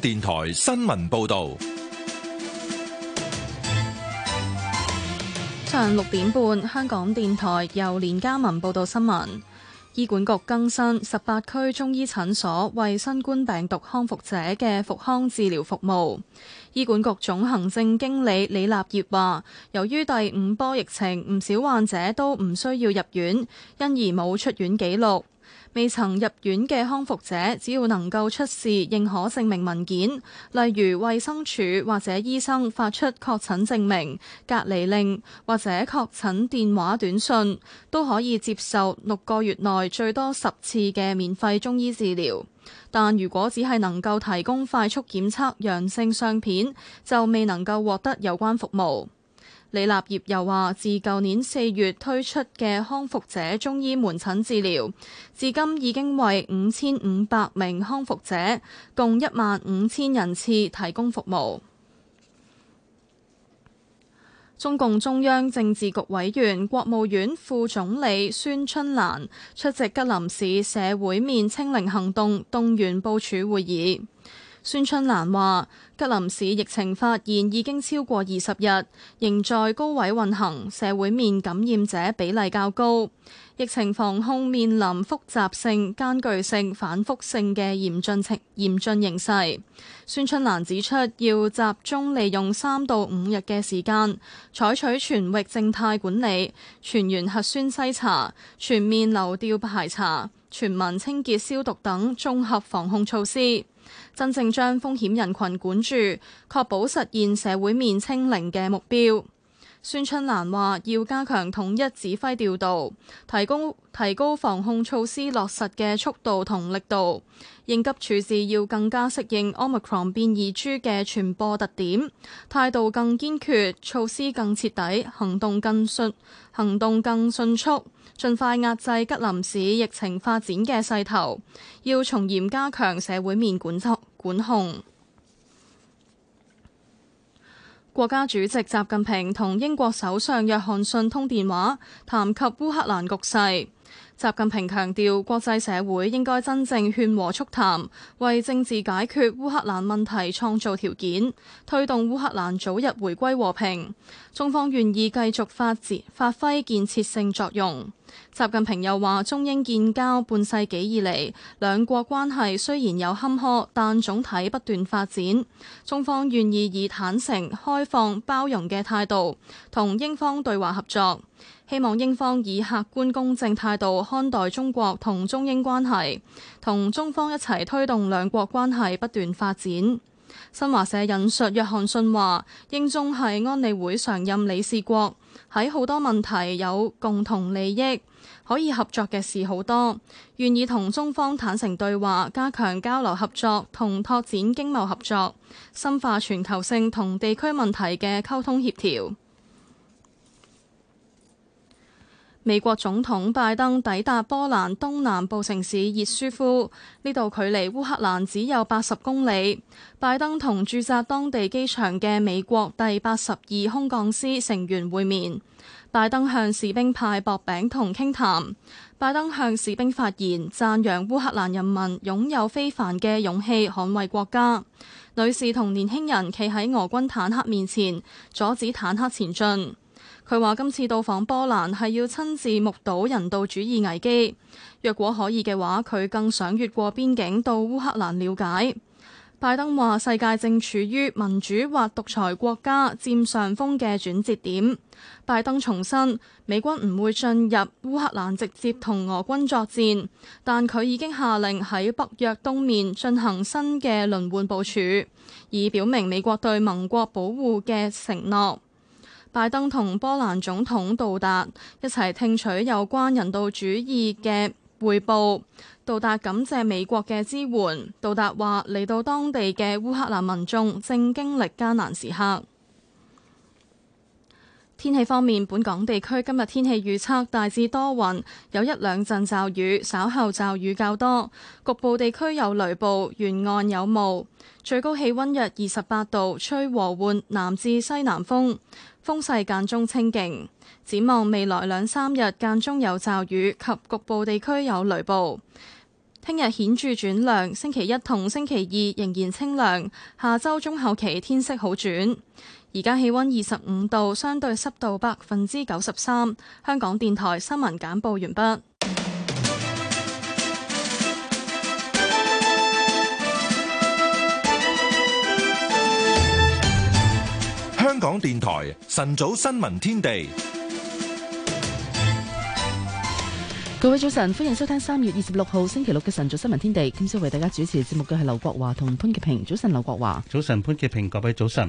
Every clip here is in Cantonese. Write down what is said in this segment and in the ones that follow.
電台新聞報道：上六點半，香港電台由連家文報道新聞。醫管局更新十八區中醫診所為新冠病毒康復者嘅復康治療服務。醫管局總行政經理李立業話，由於第五波疫情，唔少患者都唔需要入院，因而冇出院記錄。未曾入院嘅康復者，只要能夠出示認可證明文件，例如衛生署或者醫生發出確診證明、隔離令或者確診電話短信，都可以接受六個月內最多十次嘅免費中醫治療。但如果只係能夠提供快速檢測陽性相片，就未能夠獲得有關服務。李立業又話，自舊年四月推出嘅康復者中醫門診治療，至今已經為五千五百名康復者，共一萬五千人次提供服務。中共中央政治局委員、國務院副總理孫春蘭出席吉林市社會面清零行動動員部署會議。孫春蘭話，吉林市疫情發現已經超過二十日，仍在高位運行，社會面感染者比例較高，疫情防控面臨複雜性、艱巨性、反復性嘅嚴峻情嚴峻形勢。孫春蘭指出，要集中利用三到五日嘅時間，採取全域靜態管理、全員核酸篩查、全面流調排查、全民清潔消毒等綜合防控措施。真正將風險人群管住，確保實現社會面清零嘅目標。孫春蘭話：要加強統一指揮調度，提高提高防控措施落實嘅速度同力度。應急處置要更加適應 Omicron 變異株嘅傳播特點，態度更堅決，措施更徹底，行動更迅行動更迅速。盡快壓制吉林市疫情發展嘅勢頭，要從嚴加強社會面管制管控。國家主席習近平同英國首相約翰遜通電話，談及烏克蘭局勢。習近平強調，國際社會應該真正勸和促談，為政治解決烏克蘭問題創造條件，推動烏克蘭早日回歸和平。中方願意繼續發展發揮建設性作用。習近平又話：中英建交半世紀以嚟，兩國關係雖然有坎坷，但總體不斷發展。中方願意以坦誠、開放、包容嘅態度同英方對話合作，希望英方以客觀公正態度看待中國同中英關係，同中方一齊推動兩國關係不斷發展。新華社引述約翰遜話，英中係安理會常任理事國，喺好多問題有共同利益，可以合作嘅事好多，願意同中方坦誠對話，加強交流合作同拓展經貿合作，深化全球性同地區問題嘅溝通協調。美國總統拜登抵達波蘭東南部城市熱舒夫，呢度距離烏克蘭只有八十公里。拜登同駐紮當地機場嘅美國第八十二空降師成員會面。拜登向士兵派薄餅同傾談。拜登向士兵發言，讚揚烏克蘭人民擁有非凡嘅勇氣捍衛國家。女士同年輕人企喺俄軍坦克面前，阻止坦克前進。佢話：今次到訪波蘭係要親自目睹人道主義危機。若果可以嘅話，佢更想越過邊境到烏克蘭了解。拜登話：世界正處於民主或獨裁國家佔上風嘅轉折點。拜登重申，美軍唔會進入烏克蘭直接同俄軍作戰，但佢已經下令喺北約東面進行新嘅輪換部署，以表明美國對盟國保護嘅承諾。拜登同波蘭總統杜達一齊聽取有關人道主義嘅匯報。杜達感謝美國嘅支援。杜達話嚟到當地嘅烏克蘭民眾正經歷艱難時刻。天氣方面，本港地區今日天，天氣預測大致多雲，有一兩陣驟雨，稍後驟雨較多，局部地區有雷暴，沿岸有霧。最高氣溫約二十八度，吹和緩南至西南風。風勢間中清勁，展望未來兩三日間中有驟雨及局部地區有雷暴。聽日顯著轉涼，星期一同星期二仍然清涼。下周中後期天色好轉。而家氣溫二十五度，相對濕度百分之九十三。香港電台新聞簡報完畢。港電台晨早新聞天地，各位早晨，歡迎收聽三月二十六號星期六嘅晨早新聞天地。今朝為大家主持節目嘅係劉國華同潘潔平。早晨，劉國華，早晨，潘潔平，各位早晨。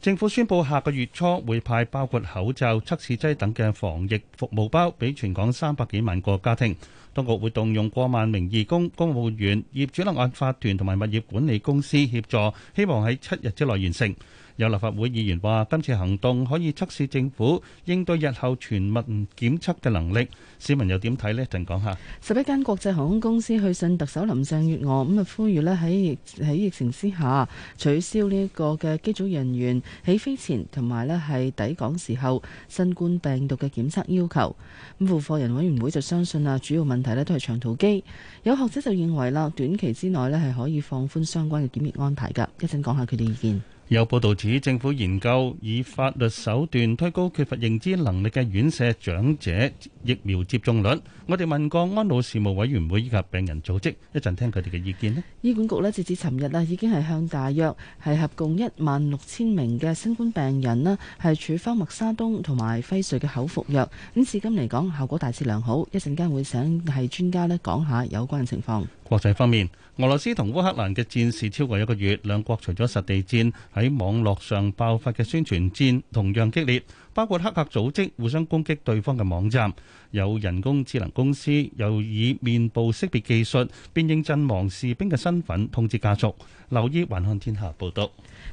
政府宣佈下個月初會派包括口罩、測試劑等嘅防疫服務包俾全港三百幾萬個家庭。當局會動用過萬名義工、公務員、業主立案法團同埋物業管理公司協助，希望喺七日之內完成。有立法會議員話：今次行動可以測試政府應對日後全民檢測嘅能力。市民又點睇呢？一陣講下。十一間國際航空公司去信特首林鄭月娥，咁啊，呼籲咧喺喺疫情之下取消呢一個嘅機組人員起飛前同埋咧係抵港時候新冠病毒嘅檢測要求。咁，副貨人委員會就相信啊，主要問題咧都係長途機。有學者就認為啦，短期之內咧係可以放寬相關嘅檢疫安排㗎。一陣講下佢哋意見。有報道指政府研究以法律手段推高缺乏認知能力嘅院舍長者疫苗接種率。我哋問過安老事務委員會以及病人組織，一陣聽佢哋嘅意見咧。醫管局咧，截至尋日啊，已經係向大約係合共一萬六千名嘅新冠病人咧，係處方默沙東同埋輝瑞嘅口服藥。咁至今嚟講，效果大致良好。一陣間會請係專家咧講下有關情況。國際方面。俄羅斯同烏克蘭嘅戰事超過一個月，兩國除咗實地戰喺網絡上爆發嘅宣傳戰同樣激烈，包括黑客組織互相攻擊對方嘅網站，有人工智能公司又以面部識別技術辨認陣亡士兵嘅身份通知家屬。留意《雲向天下》報道。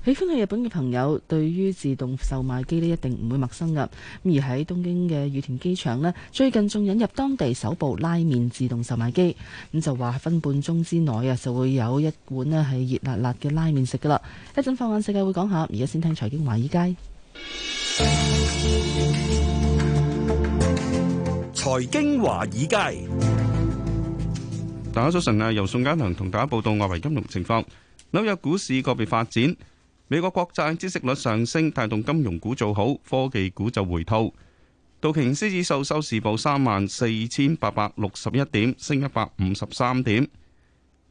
喜歡去日本嘅朋友，對於自動售賣機咧一定唔會陌生噶。咁而喺東京嘅羽田機場咧，最近仲引入當地首部拉麵自動售賣機，咁就話分半鐘之內啊，就會有一碗咧係熱辣辣嘅拉麵食噶啦。一陣放眼世界會講下，而家先聽財經華爾街。財經華爾街，大家早晨啊！由宋嘉良同大家報道外圍金融情況。紐約股市個別發展。美國國債孳息率上升，帶動金融股做好，科技股就回吐。道瓊斯指數收市報三萬四千八百六十一點，升一百五十三點。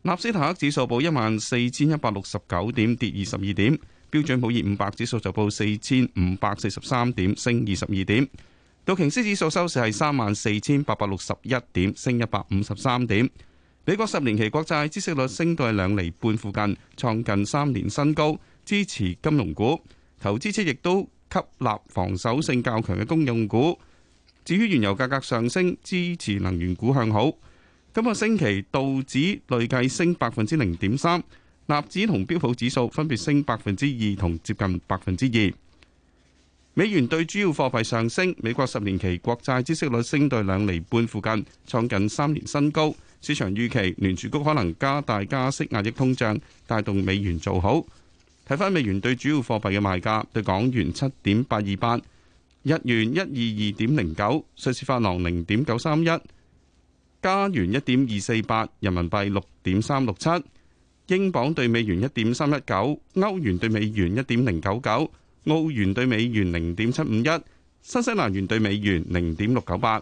納斯達克指數報一萬四千一百六十九點，跌二十二點。標準普爾五百指數就報四千五百四十三點，升二十二點。道瓊斯指數收市係三萬四千八百六十一點，升一百五十三點。美國十年期國債孳息率升到係兩厘半附近，創近三年新高。支持金融股，投資者亦都吸納防守性較強嘅公用股。至於原油價格上升，支持能源股向好。今個星期道指累計升百分之零點三，納指同標普指數分別升百分之二同接近百分之二。美元對主要貨幣上升，美國十年期國債孳息率升到兩厘半附近，創近三年新高。市場預期聯儲局可能加大加息壓，壓抑通脹，帶動美元做好。睇翻美元兌主要貨幣嘅賣價，兌港元七點八二八，日元一二二點零九，瑞士法郎零點九三一，加元一點二四八，人民幣六點三六七，英鎊兌美元一點三一九，歐元兌美元一點零九九，澳元兌美元零點七五一，新西蘭元兌美元零點六九八。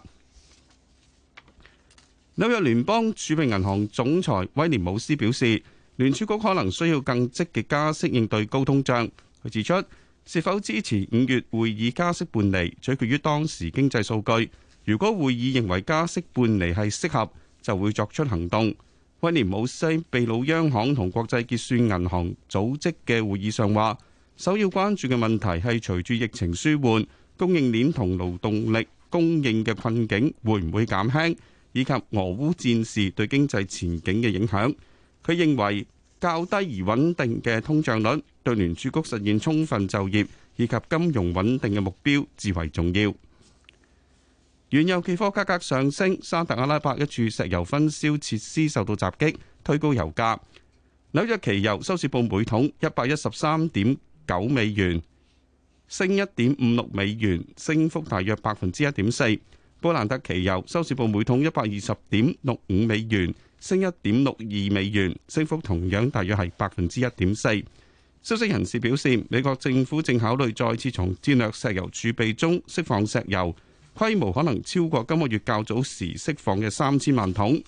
紐約聯邦儲備銀行總裁威廉姆斯表示，聯儲局可能需要更積極加息應對高通脹。佢指出，是否支持五月會議加息半釐取決於當時經濟數據。如果會議認為加息半釐係適合，就會作出行動。威廉姆斯秘魯央行同國際結算銀行組織嘅會議上話，首要關注嘅問題係隨住疫情舒緩，供應鏈同勞動力供應嘅困境會唔會減輕，以及俄烏戰事對經濟前景嘅影響。佢認為較低而穩定嘅通脹率，對聯儲局實現充分就業以及金融穩定嘅目標至為重要。原油期貨價格上升，沙特阿拉伯一處石油分銷設施受到襲擊，推高油價。紐約期油收市報每桶一百一十三點九美元，升一點五六美元，升幅大約百分之一點四。布蘭特期油收市報每桶一百二十點六五美元。1> 升一點六二美元，升幅同樣大約係百分之一點四。消息人士表示，美國政府正考慮再次從戰略石油儲備中釋放石油，規模可能超過今個月較早時釋放嘅三千萬桶。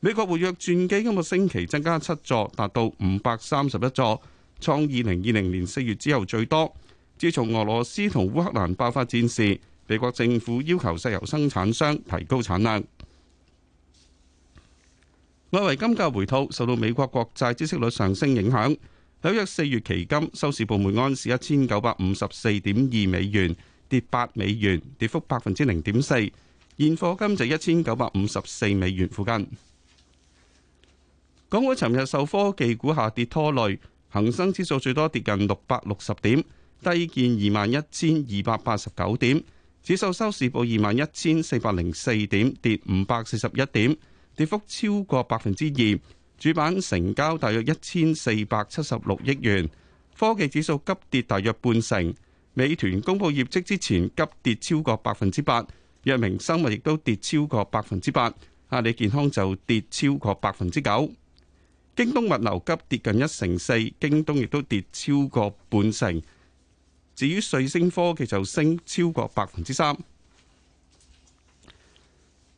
美國活躍鑄機今個星期增加七座，達到五百三十一座，創二零二零年四月之後最多。自從俄羅斯同烏克蘭爆發戰事，美國政府要求石油生產商提高產量。外圍金價回吐，受到美國國債孳息率上升影響。紐約四月期金收市報每安士一千九百五十四點二美元，跌八美元，跌幅百分之零點四。現貨金就一千九百五十四美元附近。港股尋日受科技股下跌拖累，恒生指數最多跌近六百六十點，低見二萬一千二百八十九點。指數收市報二萬一千四百零四點，跌五百四十一點，跌幅超過百分之二，主板成交大約一千四百七十六億元。科技指數急跌大約半成，美團公佈業績之前急跌超過百分之八，藥明生物亦都跌超過百分之八，阿里健康就跌超過百分之九，京東物流急跌近一成四，京東亦都跌超過半成。至於瑞星科技就升超過百分之三。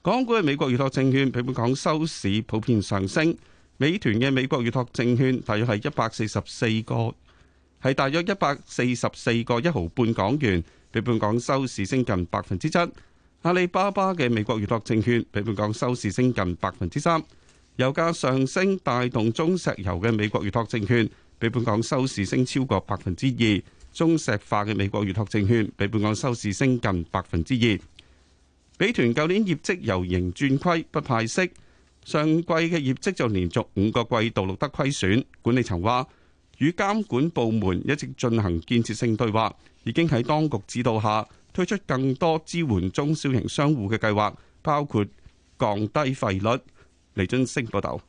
港股嘅美國預託證券，比本港收市普遍上升。美團嘅美國預託證券大約係一百四十四個，係大約一百四十四個一毫半港元，比本港收市升近百分之七。阿里巴巴嘅美國預託證券比本港收市升近百分之三。油價上升帶動中石油嘅美國預託證券比本港收市升超過百分之二。中石化嘅美國預託證券比本港收市升近百分之二。美團舊年業績由盈轉虧不派息，上季嘅業績就連續五個季度錄得虧損。管理層話，與監管部門一直進行建設性對話，已經喺當局指導下推出更多支援中小型商戶嘅計劃，包括降低費率。李津升報道。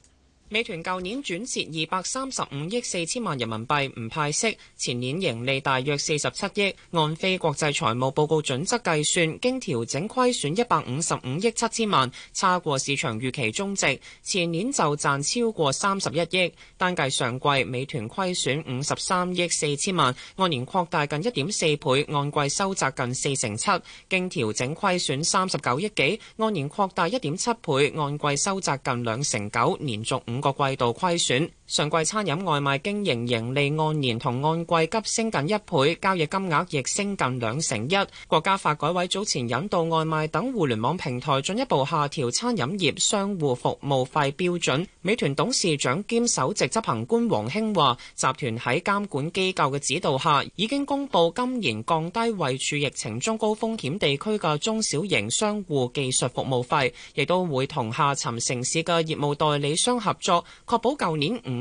美團舊年轉蝕二百三十五億四千萬人民幣，唔派息。前年盈利大約四十七億，按非國際財務報告準則計算，經調整虧損一百五十五億七千萬，差過市場預期中值。前年就賺超過三十一億，單計上季美團虧損五十三億四千萬，按年擴大近一點四倍，按季收窄近四成七，經調整虧損三十九億幾，按年擴大一點七倍，按季收窄近兩成九，連續五各季度虧損。 上季餐飲外賣經營盈利按年同按季急升近一倍，交易金額亦升近兩成一。國家發改委早前引導外賣等互聯網平台進一步下調餐飲業商戶服務費標準。美團董事長兼首席執行官王興話：集團喺監管機構嘅指導下，已經公布今年降低位處疫情中高風險地區嘅中小型商戶技術服務費，亦都會同下沉城市嘅業務代理商合作，確保舊年唔。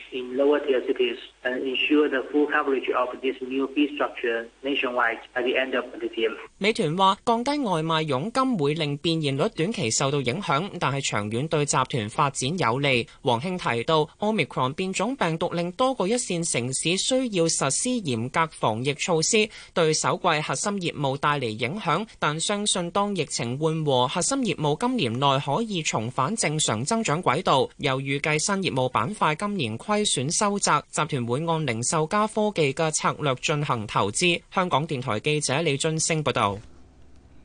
in lower tier cities and ensure the full coverage of this new fee structure nationwide by the end of this year。美團話降低外賣傭金會令變現率短期受到影響，但係長遠對集團發展有利。王興提到，奧密克戎變種病毒令多個一線城市需要實施嚴格防疫措施，對首季核心業務帶嚟影響，但相信當疫情緩和，核心業務今年內可以重返正常增長軌道。又預計新業務板塊今年虧。選修集集團會按零售加科技嘅策略進行投資。香港電台記者李俊升報道。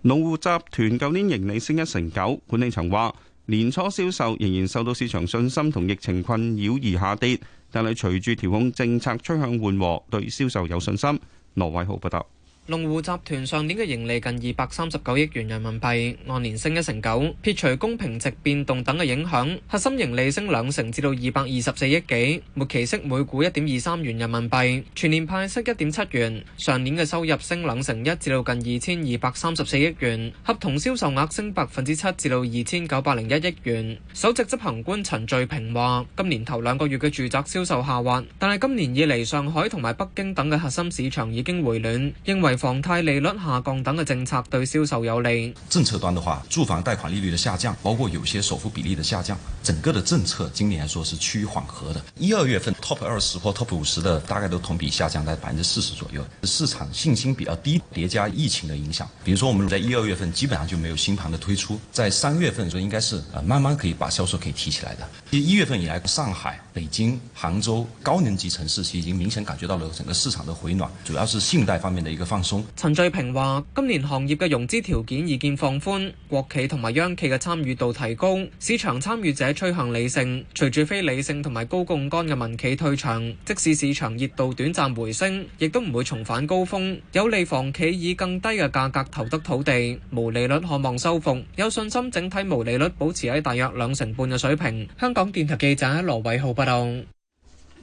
龍湖集團舊年盈利升一成九，管理層話年初銷售仍然受到市場信心同疫情困擾而下跌，但係隨住調控政策趨向緩和，對銷售有信心。羅偉豪報道。龍湖集團上年嘅盈利近二百三十九億元人民幣，按年升一成九。撇除公平值變動等嘅影響，核心盈利升兩成，至到二百二十四億幾，末期息每股一點二三元人民幣，全年派息一點七元。上年嘅收入升兩成一，至到近二千二百三十四億元，合同銷售額升百分之七，至到二千九百零一億元。首席執行官陳序平話：今年頭兩個月嘅住宅銷售下滑，但係今年以嚟上海同埋北京等嘅核心市場已經回暖，因為。房貸利率下降等的政策對銷售有利。政策端的話，住房貸款利率的下降，包括有些首付比例的下降，整個的政策今年來說是趨於緩和的。一二月份 Top 二十或 Top 五十的大概都同比下降在百分之四十左右，市場信心比較低，疊加疫情的影響。比如說我們在一二月份基本上就沒有新盤的推出，在三月份就應該是呃慢慢可以把銷售可以提起來的。一月份以來，上海、北京、杭州高能級城市其實已經明顯感覺到了整個市場的回暖，主要是信貸方面的一個放。陳瑞平話：今年行業嘅融資條件已見放寬，國企同埋央企嘅參與度提高，市場參與者趨向理性。隨住非理性同埋高槓桿嘅民企退場，即使市場熱度短暫回升，亦都唔會重返高峰，有利房企以更低嘅價格投得土地。毛利率，渴望收復，有信心整體毛利率保持喺大約兩成半嘅水平。香港電台記者羅偉浩報道。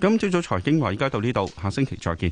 今朝早財經話，依家到呢度，下星期再見。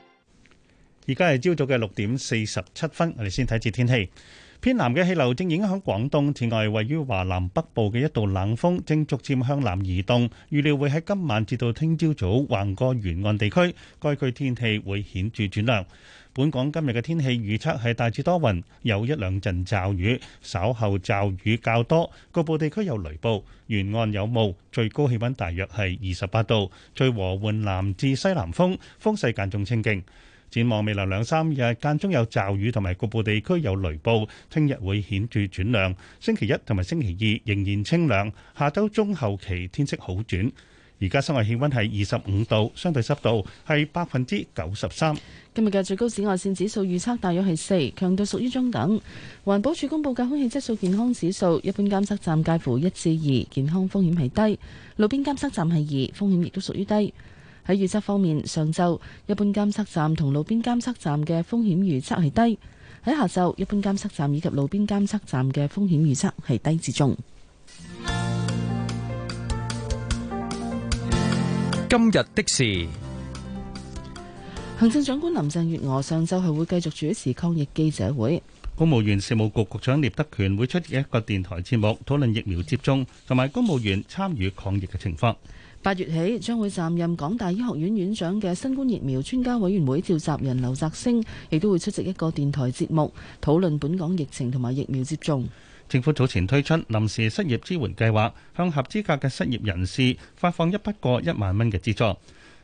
而家係朝早嘅六點四十七分，我哋先睇住天氣。偏南嘅氣流正影響廣東，此外位於華南北部嘅一道冷鋒正逐漸向南移動，預料會喺今晚至到聽朝早橫過沿岸地區，該區天氣會顯著轉涼。本港今日嘅天氣預測係大致多雲，有一兩陣驟雨，稍後驟雨較多，局部地區有雷暴，沿岸有霧，最高氣溫大約係二十八度，最和緩南至西南風，風勢間中清勁。展望未來兩三日間中有驟雨，同埋局部地區有雷暴。聽日會顯著轉涼，星期一同埋星期二仍然清涼。下週中後期天色好轉。而家室外氣温係二十五度，相對濕度係百分之九十三。今日嘅最高紫外線指數預測大約係四，強度屬於中等。環保署公佈嘅空氣質素健康指數，一般監測站介乎一至二，健康風險係低。路邊監測站係二，風險亦都屬於低。喺預測方面，上晝一般監測站同路邊監測站嘅風險預測係低；喺下晝，一般監測站以及路邊監測站嘅風險預測係低至中。今日的事，行政長官林鄭月娥上晝係會繼續主持抗疫記者會。公務員事務局局長聶德權會出席一個電台節目，討論疫苗接種同埋公務員參與抗疫嘅情況。八月起將會擔任港大醫學院院長嘅新冠疫苗專家委員會召集人劉澤星，亦都會出席一個電台節目，討論本港疫情同埋疫苗接種。政府早前推出臨時失業支援計劃，向合資格嘅失業人士發放一筆過一萬蚊嘅資助。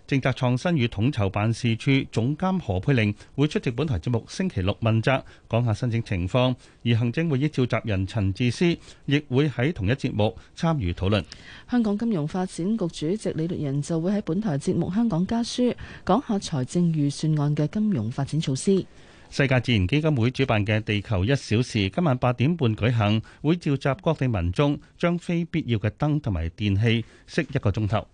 政策創新與統籌辦事處總監何佩玲會出席本台節目星期六問責，講下申請情況。而行政會議召集人陳智思亦會喺同一節目參與討論。香港金融發展局主席李律仁就會喺本台節目《香港家書》講下財政預算案嘅金融發展措施。世界自然基金會主辦嘅地球一小時今晚八點半舉行，會召集各地民眾將非必要嘅燈同埋電器熄一個鐘頭。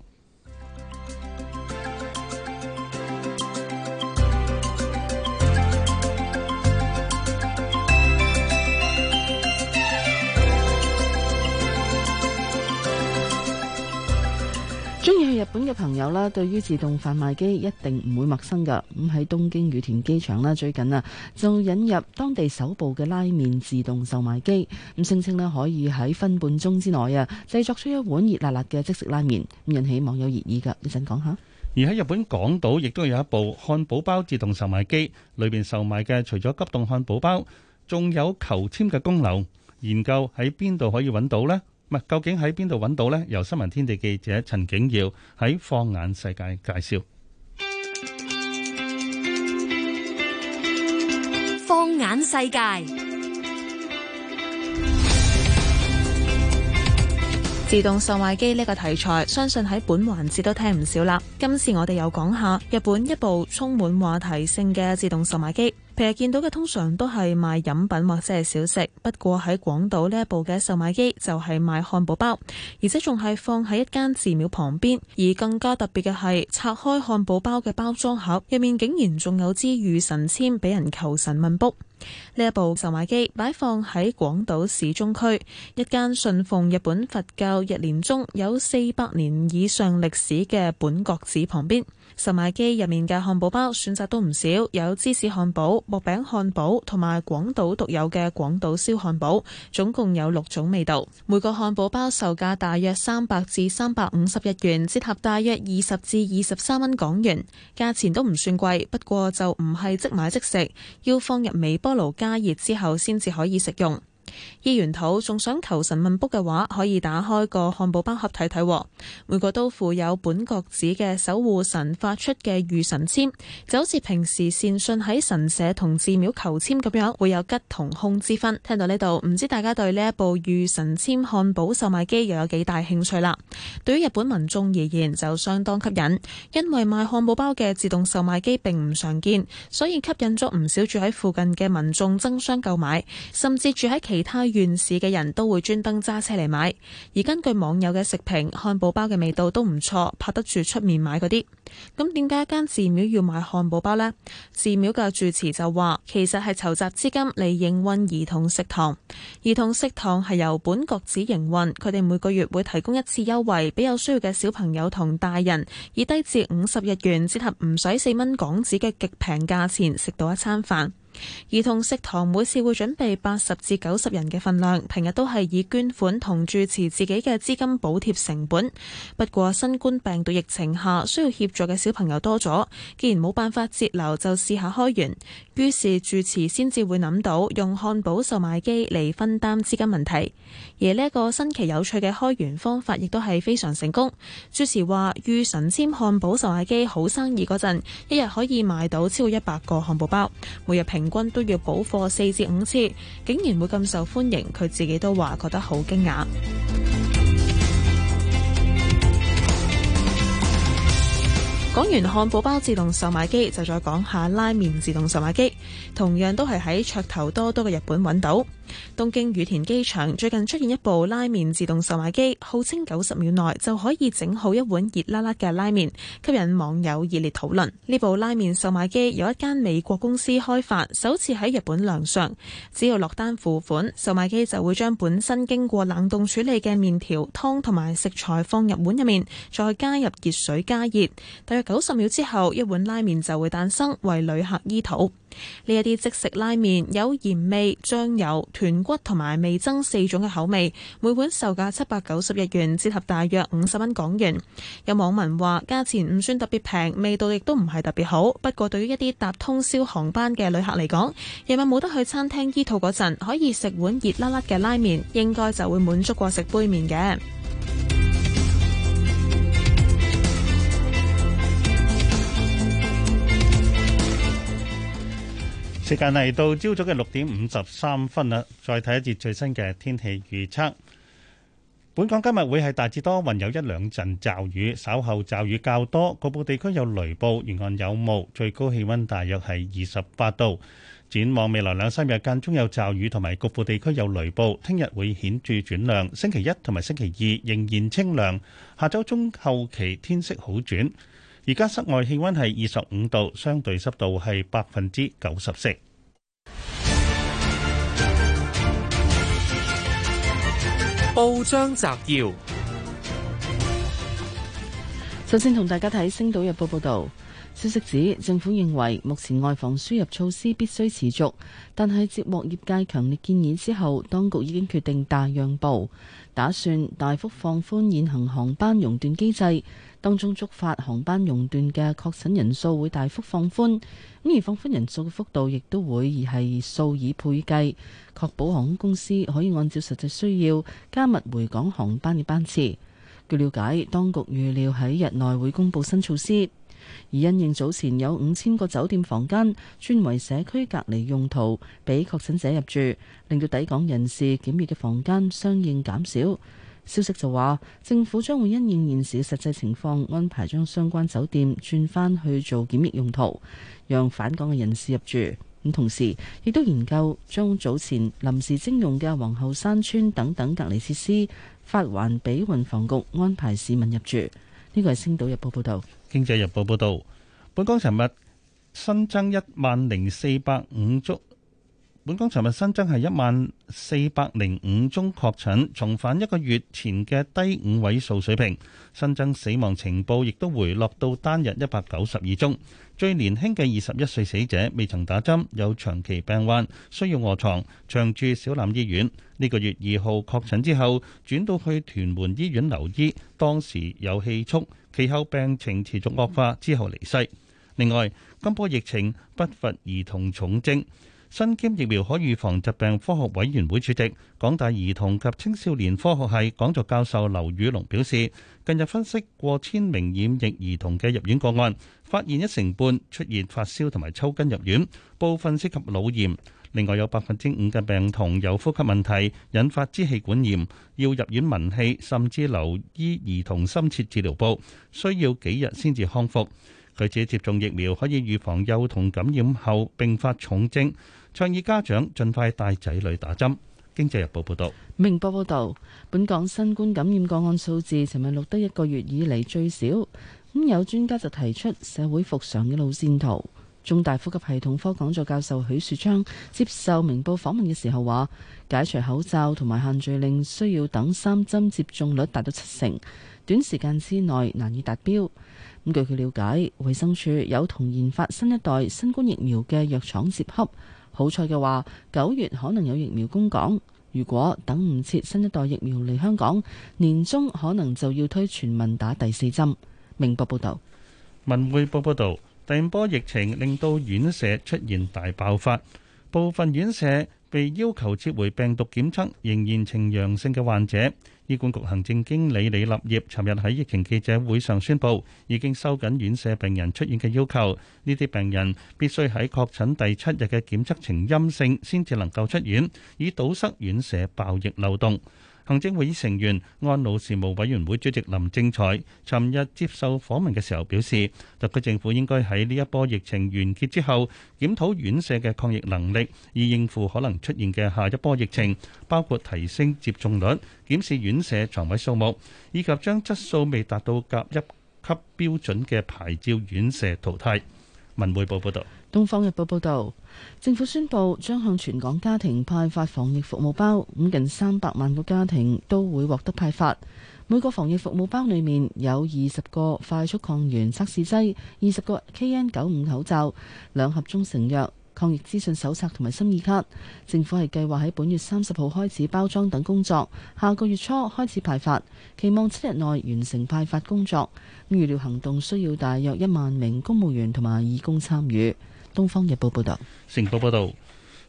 中意去日本嘅朋友啦，對於自動販賣機一定唔會陌生噶。咁喺東京羽田機場啦，最近啊就引入當地首部嘅拉麵自動售賣機，咁聲稱呢，可以喺分半鐘之內啊製作出一碗熱辣辣嘅即食拉麵，咁引起網友熱議噶。一陣講下。而喺日本港島亦都有一部漢堡包自動售賣機，裏邊售賣嘅除咗急凍漢堡包，仲有求簽嘅功能。研究喺邊度可以揾到呢？究竟喺邊度揾到呢？由新聞天地記者陳景耀喺《放眼世界》介紹。《放眼世界》自動售賣機呢個題材，相信喺本環節都聽唔少啦。今次我哋又講下日本一部充滿話題性嘅自動售賣機。平日見到嘅通常都係賣飲品或者係小食，不過喺廣島呢一部嘅售賣機就係賣漢堡包，而且仲係放喺一間寺廟旁邊。而更加特別嘅係拆開漢堡包嘅包裝盒，入面竟然仲有支御神籤俾人求神問卜。呢一部售賣機擺放喺廣島市中區一間信奉日本佛教日蓮宗有四百年以上歷史嘅本國寺旁邊。售賣機入面嘅漢堡包選擇都唔少，有芝士漢堡、薄餅漢堡同埋廣島獨有嘅廣島燒漢堡，總共有六種味道。每個漢堡包售價大約三百至三百五十日元，折合大約二十至二十三蚊港元，價錢都唔算貴。不過就唔係即買即食，要放入微波爐加熱之後先至可以食用。醫完肚仲想求神問卜嘅話，可以打開個漢堡包盒睇睇。每個都附有本國子嘅守護神發出嘅御神籤，就好似平時善信喺神社同寺廟求籤咁樣，會有吉同凶之分。聽到呢度，唔知大家對呢一部御神籤漢堡售賣機又有幾大興趣啦？對於日本民眾而言，就相當吸引，因為賣漢堡包嘅自動售賣機並唔常見，所以吸引咗唔少住喺附近嘅民眾爭相購買，甚至住喺其。其他縣市嘅人都會專登揸車嚟買，而根據網友嘅食評，漢堡包嘅味道都唔錯，拍得住出面買嗰啲。咁點解一間寺廟要賣漢堡包呢？寺廟嘅住持就話，其實係籌集資金嚟營運兒童食堂。兒童食堂係由本國寺營運，佢哋每個月會提供一次優惠，俾有需要嘅小朋友同大人，以低至五十日元，折合唔使四蚊港紙嘅極平價錢食到一餐飯。兒童食堂每次會準備八十至九十人嘅份量，平日都係以捐款同住持自己嘅資金補貼成本。不過新冠病毒疫情下，需要協助嘅小朋友多咗，既然冇辦法節流，就試下開源。於是住持先至會諗到用漢堡售賣機嚟分擔資金問題，而呢一個新奇有趣嘅開源方法亦都係非常成功。住持話：御神籤漢堡售賣機好生意嗰陣，一日可以賣到超過一百個漢堡包，每日平均都要補貨四至五次，竟然會咁受歡迎，佢自己都話覺得好驚訝。講完漢堡包自動售賣機，就再講下拉麵自動售賣機，同樣都係喺噱頭多多嘅日本揾到。東京羽田機場最近出現一部拉麵自動售賣機，號稱九十秒內就可以整好一碗熱辣辣嘅拉麵，吸引網友熱烈討論。呢部拉麵售賣機由一間美國公司開發，首次喺日本亮相。只要落單付款，售賣機就會將本身經過冷凍處理嘅麵條、湯同埋食材放入碗入面，再加入熱水加熱，大約九十秒之後，一碗拉麵就會誕生，為旅客醫肚。呢一啲即食拉麵有鹽味、醬油、豚骨同埋味噌四種嘅口味，每碗售價七百九十日元，折合大約五十蚊港元。有網民話：價錢唔算特別平，味道亦都唔係特別好。不過對於一啲搭通宵航班嘅旅客嚟講，夜晚冇得去餐廳醫肚嗰陣，可以食碗熱辣辣嘅拉麵，應該就會滿足過食杯麵嘅。時間嚟到朝早嘅六點五十三分啦，再睇一節最新嘅天氣預測。本港今日會係大致多雲，有一兩陣驟雨，稍後驟雨較多，局部地區有雷暴，沿岸有霧，最高氣温大約係二十八度。展望未來兩三日間中有驟雨，同埋局部地區有雷暴。聽日會顯著轉涼，星期一同埋星期二仍然清涼，下周中後期天色好轉。而家室外氣温係二十五度，相對濕度係百分之九十四。報章摘要：首先同大家睇《星島日報》報道，消息指政府認為目前外防輸入措施必須持續，但係接獲業界強烈建議之後，當局已經決定大讓步，打算大幅放寬現行航班熔斷機制。當中觸發航班熔斷嘅確診人數會大幅放寬，咁而放寬人數嘅幅度亦都會而係數以倍計，確保航空公司可以按照實際需要加密回港航班嘅班次。據了解，當局預料喺日內會公布新措施，而因應早前有五千個酒店房間專為社區隔離用途，俾確診者入住，令到抵港人士檢疫嘅房間相應減少。消息就話，政府將會因應現時實際情況安排將相關酒店轉翻去做檢疫用途，讓返港嘅人士入住。咁同時亦都研究將早前臨時徵用嘅皇后山邨等等隔離設施發還俾運房局安排市民入住。呢個係《星島日報》報導，《經濟日報》報導，本港尋日新增一萬零四百五十。本港尋日新增係一萬四百零五宗確診，重返一個月前嘅低五位數水平。新增死亡情報亦都回落到單日一百九十二宗。最年輕嘅二十一歲死者未曾打針，有長期病患需要臥床。長住小欖醫院。呢、這個月二號確診之後，轉到去屯門醫院留醫，當時有氣促，其後病情持續惡化，之後離世。另外，今波疫情不乏兒童重症。身兼疫苗可預防疾病科學委員會主席、港大兒童及青少年科學系講座教授劉宇龍表示，近日分析過千名染疫兒童嘅入院個案，發現一成半出現發燒同埋抽筋入院，部分涉及腦炎。另外有百分之五嘅病童有呼吸問題，引發支氣管炎，要入院聞氣，甚至留醫兒童深切治療部，需要幾日先至康復。佢指接種疫苗可以預防幼童感染後並發重症。倡議家長盡快帶仔女打針。經濟日報報道，明報報道，本港新冠感染個案數字尋日錄得一個月以嚟最少。咁有專家就提出社會復常嘅路線圖。中大呼吸系統科講座教授許樹昌接受明報訪問嘅時候話，解除口罩同埋限聚令需要等三針接種率達到七成，短時間之內難以達標。咁據佢了解，衛生署有同研發新一代新冠疫苗嘅藥廠接洽。好彩嘅話，九月可能有疫苗供港。如果等唔切新一代疫苗嚟香港，年中可能就要推全民打第四針。明報報道，文匯報報道，第五波疫情令到院舍出現大爆發，部分院舍被要求撤回病毒檢測仍然呈陽性嘅患者。醫管局行政經理李立業尋日喺疫情記者會上宣布，已經收緊院舍病人出院嘅要求，呢啲病人必須喺確診第七日嘅檢測呈陰性，先至能夠出院，以堵塞院舍爆疫漏洞。行政會議成員安老事務委員會主席林正財，尋日接受訪問嘅時候表示，特區政府應該喺呢一波疫情完結之後，檢討院舍嘅抗疫能力，以應付可能出現嘅下一波疫情，包括提升接種率、檢視院舍床位數目，以及將質素未達到甲一級標準嘅牌照院舍淘汰。文匯報報道，東方日報報道，政府宣布將向全港家庭派發防疫服務包，咁近三百萬個家庭都會獲得派發。每個防疫服務包裏面有二十個快速抗原測試劑，二十個 KN 九五口罩，兩盒中成藥。抗疫資訊手冊同埋心意卡，政府係計劃喺本月三十號開始包裝等工作，下個月初開始派發，期望七日內完成派發工作。預料行動需要大約一萬名公務員同埋義工參與。《東方日報》報道，成報報道，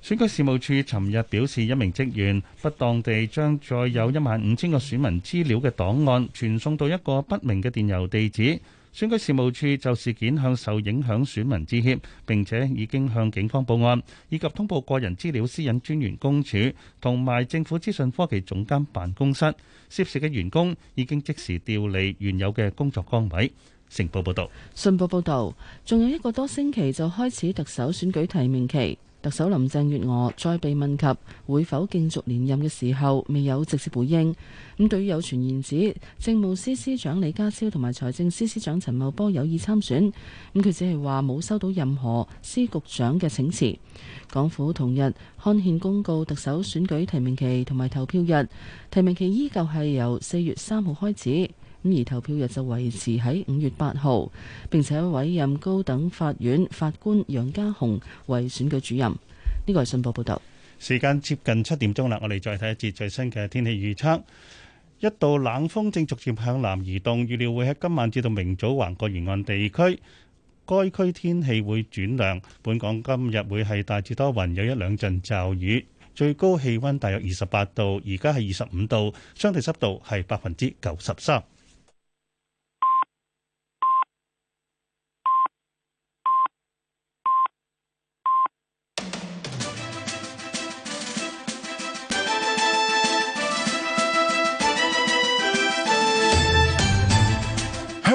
選舉事務處尋日表示，一名職員不當地將載有一萬五千個選民資料嘅檔案傳送到一個不明嘅電郵地址。選舉事務處就事件向受影響選民致歉，並且已經向警方報案，以及通報個人資料私隱專員公署同埋政府資訊科技總監辦公室。涉事嘅員工已經即時調離原有嘅工作崗位。成報報道，信報報道，仲有一個多星期就開始特首選舉提名期。特首林鄭月娥再被問及會否競逐連任嘅時候，未有直接回應。咁、嗯、對於有傳言指政務司司長李家超同埋財政司司長陳茂波有意參選，咁、嗯、佢只係話冇收到任何司局長嘅請辭。港府同日刊憲公告特首選舉提名期同埋投票日，提名期依舊係由四月三號開始。咁而投票日就維持喺五月八號，並且委任高等法院法官楊家雄為選舉主任。呢個係信報報道。時間接近七點鐘啦，我哋再睇一次最新嘅天氣預測。一道冷風正逐漸向南移動，預料會喺今晚至到明早橫過沿岸地區。該區天氣會轉涼，本港今日會係大致多雲，有一兩陣驟雨，最高氣溫大約二十八度，而家係二十五度，相對濕度係百分之九十三。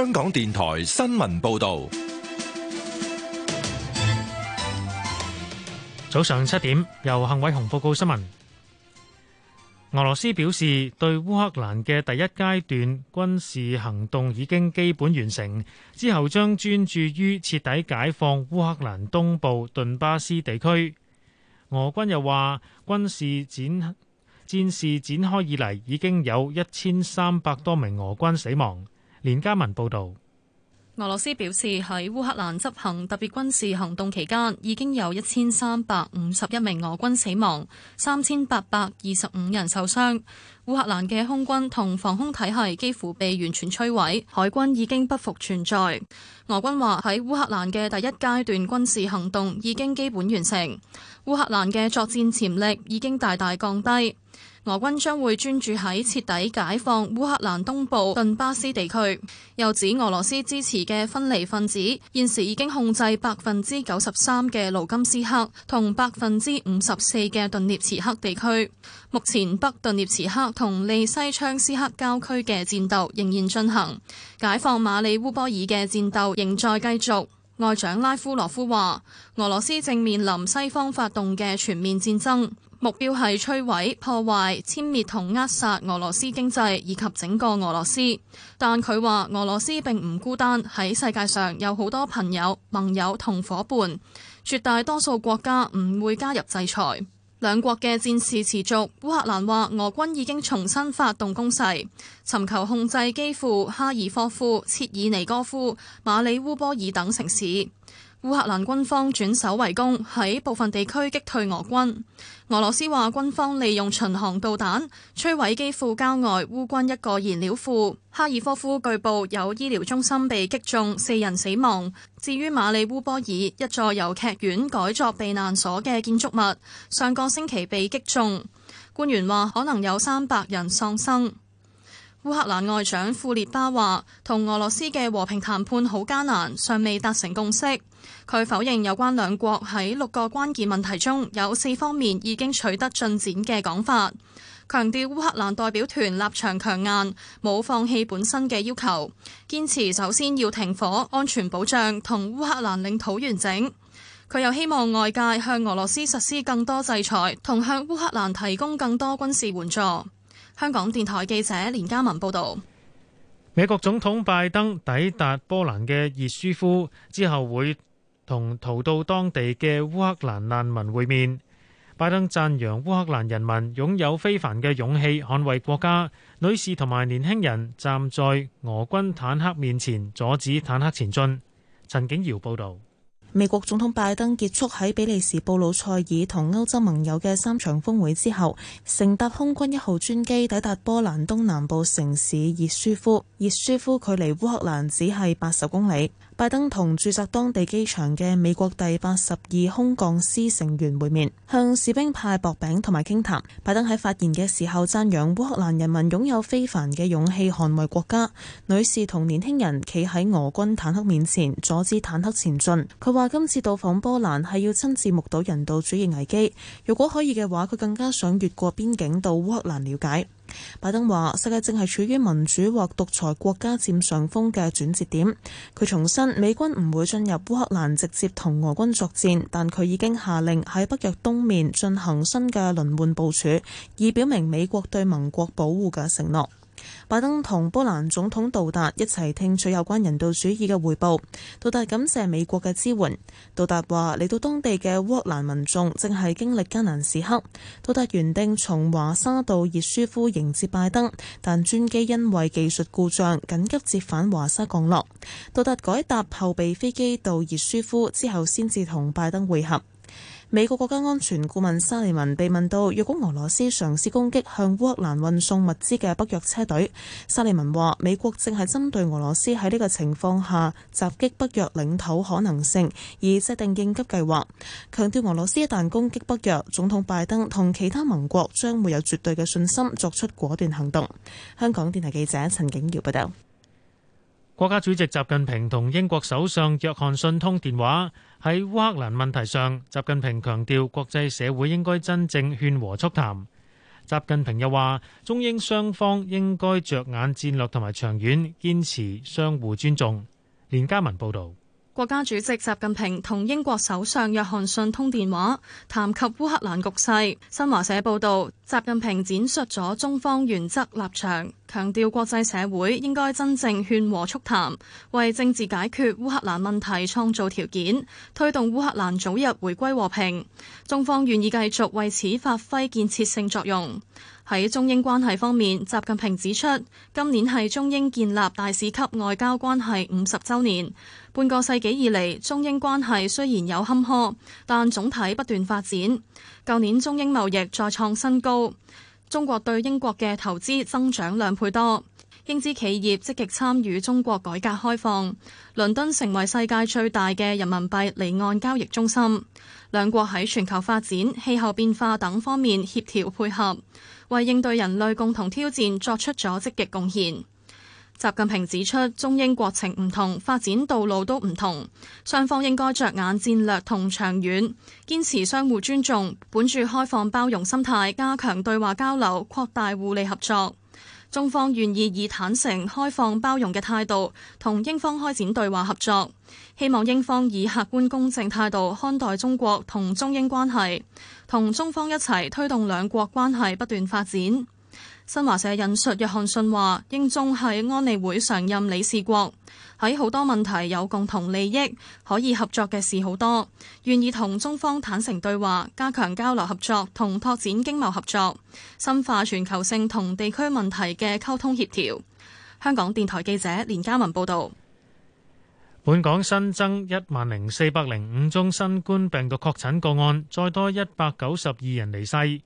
香港電台新聞報道，早上七點由幸偉雄報告新聞。俄羅斯表示，對烏克蘭嘅第一階段軍事行動已經基本完成，之後將專注於徹底解放烏克蘭東部頓巴斯地區。俄軍又話，軍事展戰事展開以嚟，已經有一千三百多名俄軍死亡。連家文報道，俄羅斯表示喺烏克蘭執行特別軍事行動期間，已經有一千三百五十一名俄軍死亡，三千八百二十五人受傷。烏克蘭嘅空軍同防空體系幾乎被完全摧毀，海軍已經不復存在。俄軍話喺烏克蘭嘅第一階段軍事行動已經基本完成，烏克蘭嘅作戰潛力已經大大降低。俄軍將會專注喺徹底解放烏克蘭東部頓巴斯地區。又指俄羅斯支持嘅分離分子現時已經控制百分之九十三嘅盧甘斯克同百分之五十四嘅頓涅茨克地區。目前北頓涅茨克同利西昌斯克郊區嘅戰鬥仍然進行，解放馬里烏波爾嘅戰鬥仍在繼續。外長拉夫羅夫話：俄羅斯正面臨西方發動嘅全面戰爭。目標係摧毀、破壞、殲滅同扼殺俄羅斯經濟以及整個俄羅斯。但佢話俄羅斯並唔孤單，喺世界上有好多朋友、盟友同伙伴。絕大多數國家唔會加入制裁。兩國嘅戰事持續。烏克蘭話俄軍已經重新發動攻勢，尋求控制基輔、哈爾科夫、切爾尼戈夫、馬里烏波爾等城市。烏克蘭軍方轉守為攻，喺部分地區擊退俄軍。俄羅斯話軍方利用巡航導彈摧毀基輔郊外烏軍一個燃料庫。哈爾科夫據報有醫療中心被擊中，四人死亡。至於馬里烏波爾，一座由劇院改作避難所嘅建築物，上個星期被擊中。官員話可能有三百人喪生。烏克蘭外長庫列巴話：同俄羅斯嘅和平談判好艱難，尚未達成共識。佢否認有關兩國喺六個關鍵問題中有四方面已經取得進展嘅講法，強調烏克蘭代表團立場強硬，冇放棄本身嘅要求，堅持首先要停火、安全保障同烏克蘭領土完整。佢又希望外界向俄羅斯實施更多制裁，同向烏克蘭提供更多軍事援助。香港電台記者連嘉文報道，美國總統拜登抵達波蘭嘅熱舒夫之後，會同逃到當地嘅烏克蘭難民會面。拜登讚揚烏克蘭人民擁有非凡嘅勇氣捍衛國家，女士同埋年輕人站在俄軍坦克面前阻止坦克前進。陳景瑤報道。美國總統拜登結束喺比利時布魯塞爾同歐洲盟友嘅三場峰會之後，乘搭空軍一號專機抵達波蘭東南部城市熱舒夫。熱舒夫距離烏克蘭只係八十公里。拜登同駐紮當地機場嘅美國第八十二空降師成員會面，向士兵派薄餅同埋傾談。拜登喺發言嘅時候讚揚烏克蘭人民擁有非凡嘅勇氣捍衛國家，女士同年輕人企喺俄軍坦克面前阻止坦克前進。佢話今次到訪波蘭係要親自目睹人道主義危機，如果可以嘅話，佢更加想越過邊境到烏克蘭了解。拜登話，世界正係處於民主或獨裁國家佔上風嘅轉折點。佢重申，美軍唔會進入烏克蘭直接同俄軍作戰，但佢已經下令喺北約東面進行新嘅輪換部署，以表明美國對盟國保護嘅承諾。拜登同波蘭總統杜達一齊聽取有關人道主義嘅匯報。杜達感謝美國嘅支援。杜達話嚟到當地嘅烏克蘭民眾正係經歷艱難時刻。杜達原定從華沙到熱舒夫迎接拜登，但專機因為技術故障緊急折返華沙降落。杜達改搭後備飛機到熱舒夫之後，先至同拜登會合。美國國家安全顧問沙利文被問到，若果俄羅斯嘗試攻擊向烏克蘭運送物資嘅北約車隊，沙利文話：美國正係針對俄羅斯喺呢個情況下襲擊北約領土可能性而制定應急計劃，強調俄羅斯一旦攻擊北約，總統拜登同其他盟國將會有絕對嘅信心作出果斷行動。香港電台記者陳景耀報道。國家主席習近平同英國首相約翰遜通電話。喺烏克蘭問題上，習近平強調國際社會應該真正勸和促談。習近平又話，中英雙方應該着眼戰略同埋長遠，堅持相互尊重。連家文報道。國家主席習近平同英國首相約翰遜通電話，談及烏克蘭局勢。新華社報道，習近平闡述咗中方原則立場，強調國際社會應該真正勸和促談，為政治解決烏克蘭問題創造條件，推動烏克蘭早日回歸和平。中方願意繼續為此發揮建設性作用。喺中英關係方面，習近平指出，今年係中英建立大使級外交關係五十周年。半個世紀以嚟，中英關係雖然有坎坷，但總體不斷發展。舊年中英貿易再創新高，中國對英國嘅投資增長兩倍多。英資企業積極參與中國改革開放，倫敦成為世界最大嘅人民幣離岸交易中心。兩國喺全球發展、氣候變化等方面協調配合。為應對人類共同挑戰作出咗積極貢獻。習近平指出，中英國情唔同，發展道路都唔同，雙方應該着眼戰略同長遠，堅持相互尊重，本住開放包容心態，加強對話交流，擴大互利合作。中方願意以坦誠、開放、包容嘅態度同英方開展對話合作，希望英方以客觀公正態度看待中國同中英關係，同中方一齊推動兩國關係不斷發展。新華社引述約翰遜話：英中係安理會常任理事國，喺好多問題有共同利益，可以合作嘅事好多，願意同中方坦誠對話，加強交流合作同拓展經貿合作，深化全球性同地區問題嘅溝通協調。香港電台記者連嘉文報道：本港新增一萬零四百零五宗新冠病毒確診個案，再多一百九十二人離世。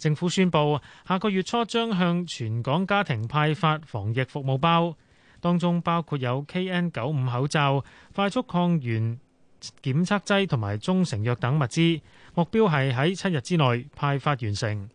政府宣布，下個月初將向全港家庭派發防疫服務包，當中包括有 KN 九五口罩、快速抗原檢測劑同埋中成藥等物資，目標係喺七日之內派發完成。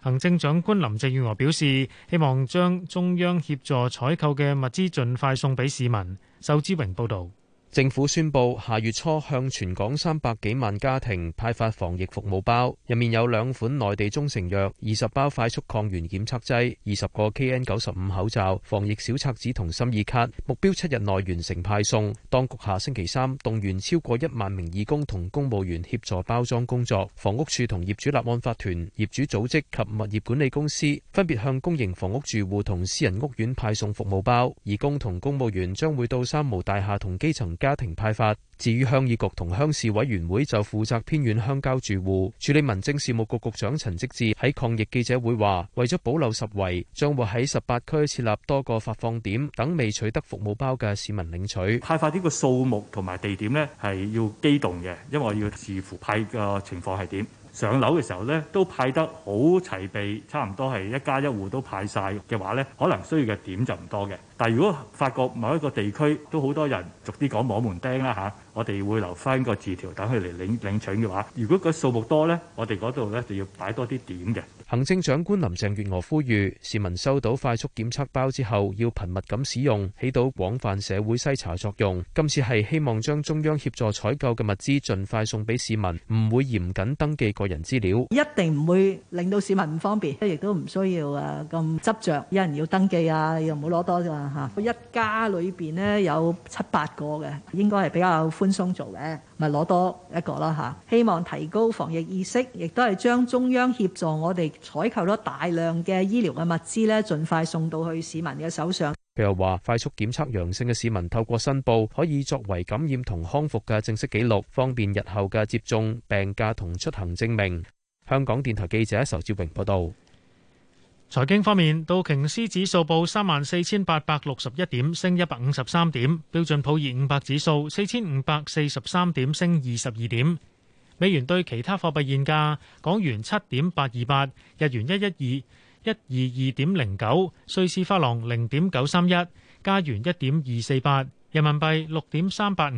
行政長官林鄭月娥表示，希望將中央協助採購嘅物資盡快送俾市民。仇志榮報道。政府宣布下月初向全港三百幾萬家庭派發防疫服務包，入面有兩款內地中成藥、二十包快速抗原檢測劑、二十個 KN 九十五口罩、防疫小冊子同心意卡。目標七日內完成派送。當局下星期三動員超過一萬名義工同公務員協助包裝工作。房屋署同業主立案法團、業主組織及物業管理公司分別向公營房屋住戶同私人屋苑派送服務包。義工同公務員將會到三毛大廈同基層。家庭派發，至於鄉議局同鄉事委員會就負責偏遠鄉郊住戶處理。民政事務局局長陳積志喺抗疫記者會話：為咗保留十圍，將會喺十八區設立多個發放點，等未取得服務包嘅市民領取。派發呢個數目同埋地點呢係要機動嘅，因為我要視乎派嘅情況係點。上樓嘅時候呢都派得好齊備，差唔多係一家一戶都派晒嘅話呢，可能需要嘅點就唔多嘅。但係如果發覺某一個地區都好多人逐啲講摸門釘啦嚇，我哋會留翻個字條等佢嚟領領取嘅話，如果個數目多呢，我哋嗰度呢就要擺多啲點嘅。行政長官林鄭月娥呼籲市民收到快速檢測包之後，要頻密咁使用，起到廣泛社會篩查作用。今次係希望將中央協助採購嘅物資盡快送俾市民，唔會嚴謹登記個人資料，一定唔會令到市民唔方便，亦都唔需要啊咁執著，有人要登記啊，又唔好攞多㗎。嚇，我一家裏邊呢有七八個嘅，應該係比較寬鬆做嘅，咪攞多一個啦嚇。希望提高防疫意識，亦都係將中央協助我哋採購咗大量嘅醫療嘅物資呢，盡快送到去市民嘅手上。佢又話：快速檢測陽性嘅市民透過申報，可以作為感染同康復嘅正式記錄，方便日後嘅接種、病假同出行證明。香港電台記者仇志榮報道。財經方面，道瓊斯指數報三萬四千八百六十一點，升一百五十三點；標準普爾五百指數四千五百四十三點，升二十二點。美元對其他貨幣現價：港元七點八二八，日元一一二一二二點零九，瑞士法郎零點九三一，加元一點二四八，人民幣六點三八五，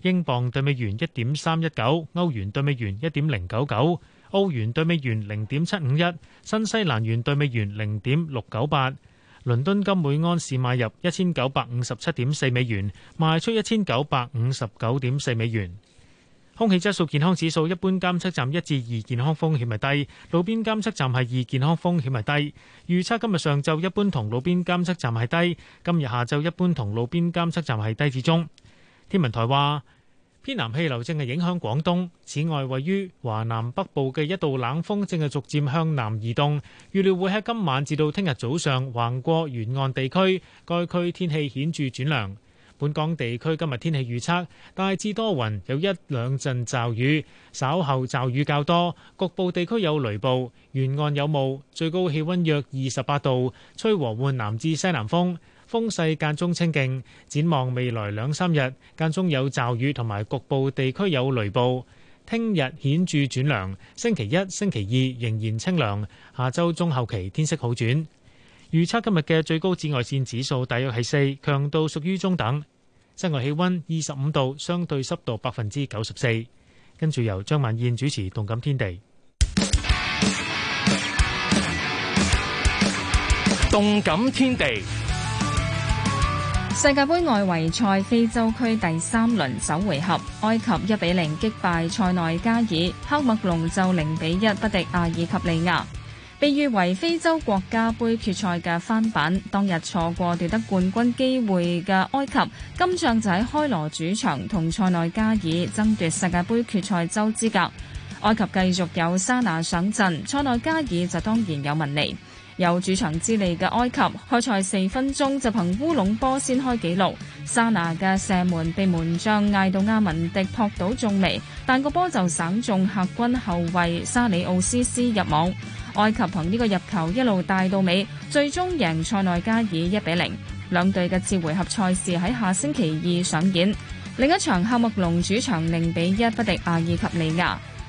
英鎊兌美元一點三一九，歐元兌美元一點零九九。歐元對美元零點七五一，新西蘭元對美元零點六九八，倫敦金每安士買入一千九百五十七點四美元，賣出一千九百五十九點四美元。空氣質素健康指數，一般監測站一至二健康風險係低，路邊監測站係二健康風險係低。預測今日上晝一般同路邊監測站係低，今日下晝一般同路邊監測站係低至中。天文台話，天南氣流正係影響廣東。此外，位於華南北部嘅一道冷風正係逐漸向南移動，預料會喺今晚至到聽日早上橫過沿岸地區，該區天氣顯著轉涼。本港地區今日天，天氣預測大致多雲，有一兩陣驟雨，稍後驟雨較多，局部地區有雷暴，沿岸有霧，最高氣温約二十八度，吹和緩南至西南風。風勢間中清勁，展望未來兩三日間中有驟雨同埋局部地區有雷暴。聽日顯著轉涼，星期一、星期二仍然清涼。下周中後期天色好轉。預測今日嘅最高紫外線指數大約係四，強度屬於中等。室外氣溫二十五度，相對濕度百分之九十四。跟住由張萬燕主持《動感天地》。《動感天地》世界杯外圍賽非洲區第三輪首回合，埃及一比零擊敗塞內加爾，喀麥隆就零比一不敵阿爾及利亞。被譽為非洲國家杯決賽嘅翻版，當日錯過奪得冠軍機會嘅埃及今仗就喺開羅主場同塞內加爾爭奪世界杯決賽周資格。埃及繼續有沙拿上陣，塞內加爾就當然有文尼。有主場之利嘅埃及開賽四分鐘就憑烏龍波先開紀錄，沙拿嘅射門被門將嗌到阿文迪撲倒中楣，但個波就省中客軍後衛沙里奧斯斯入網。埃及憑呢個入球一路帶到尾，最終贏賽內加爾一比零。兩隊嘅次回合賽事喺下星期二上演。另一場喀麥隆主場零比一不敵阿爾及利亞。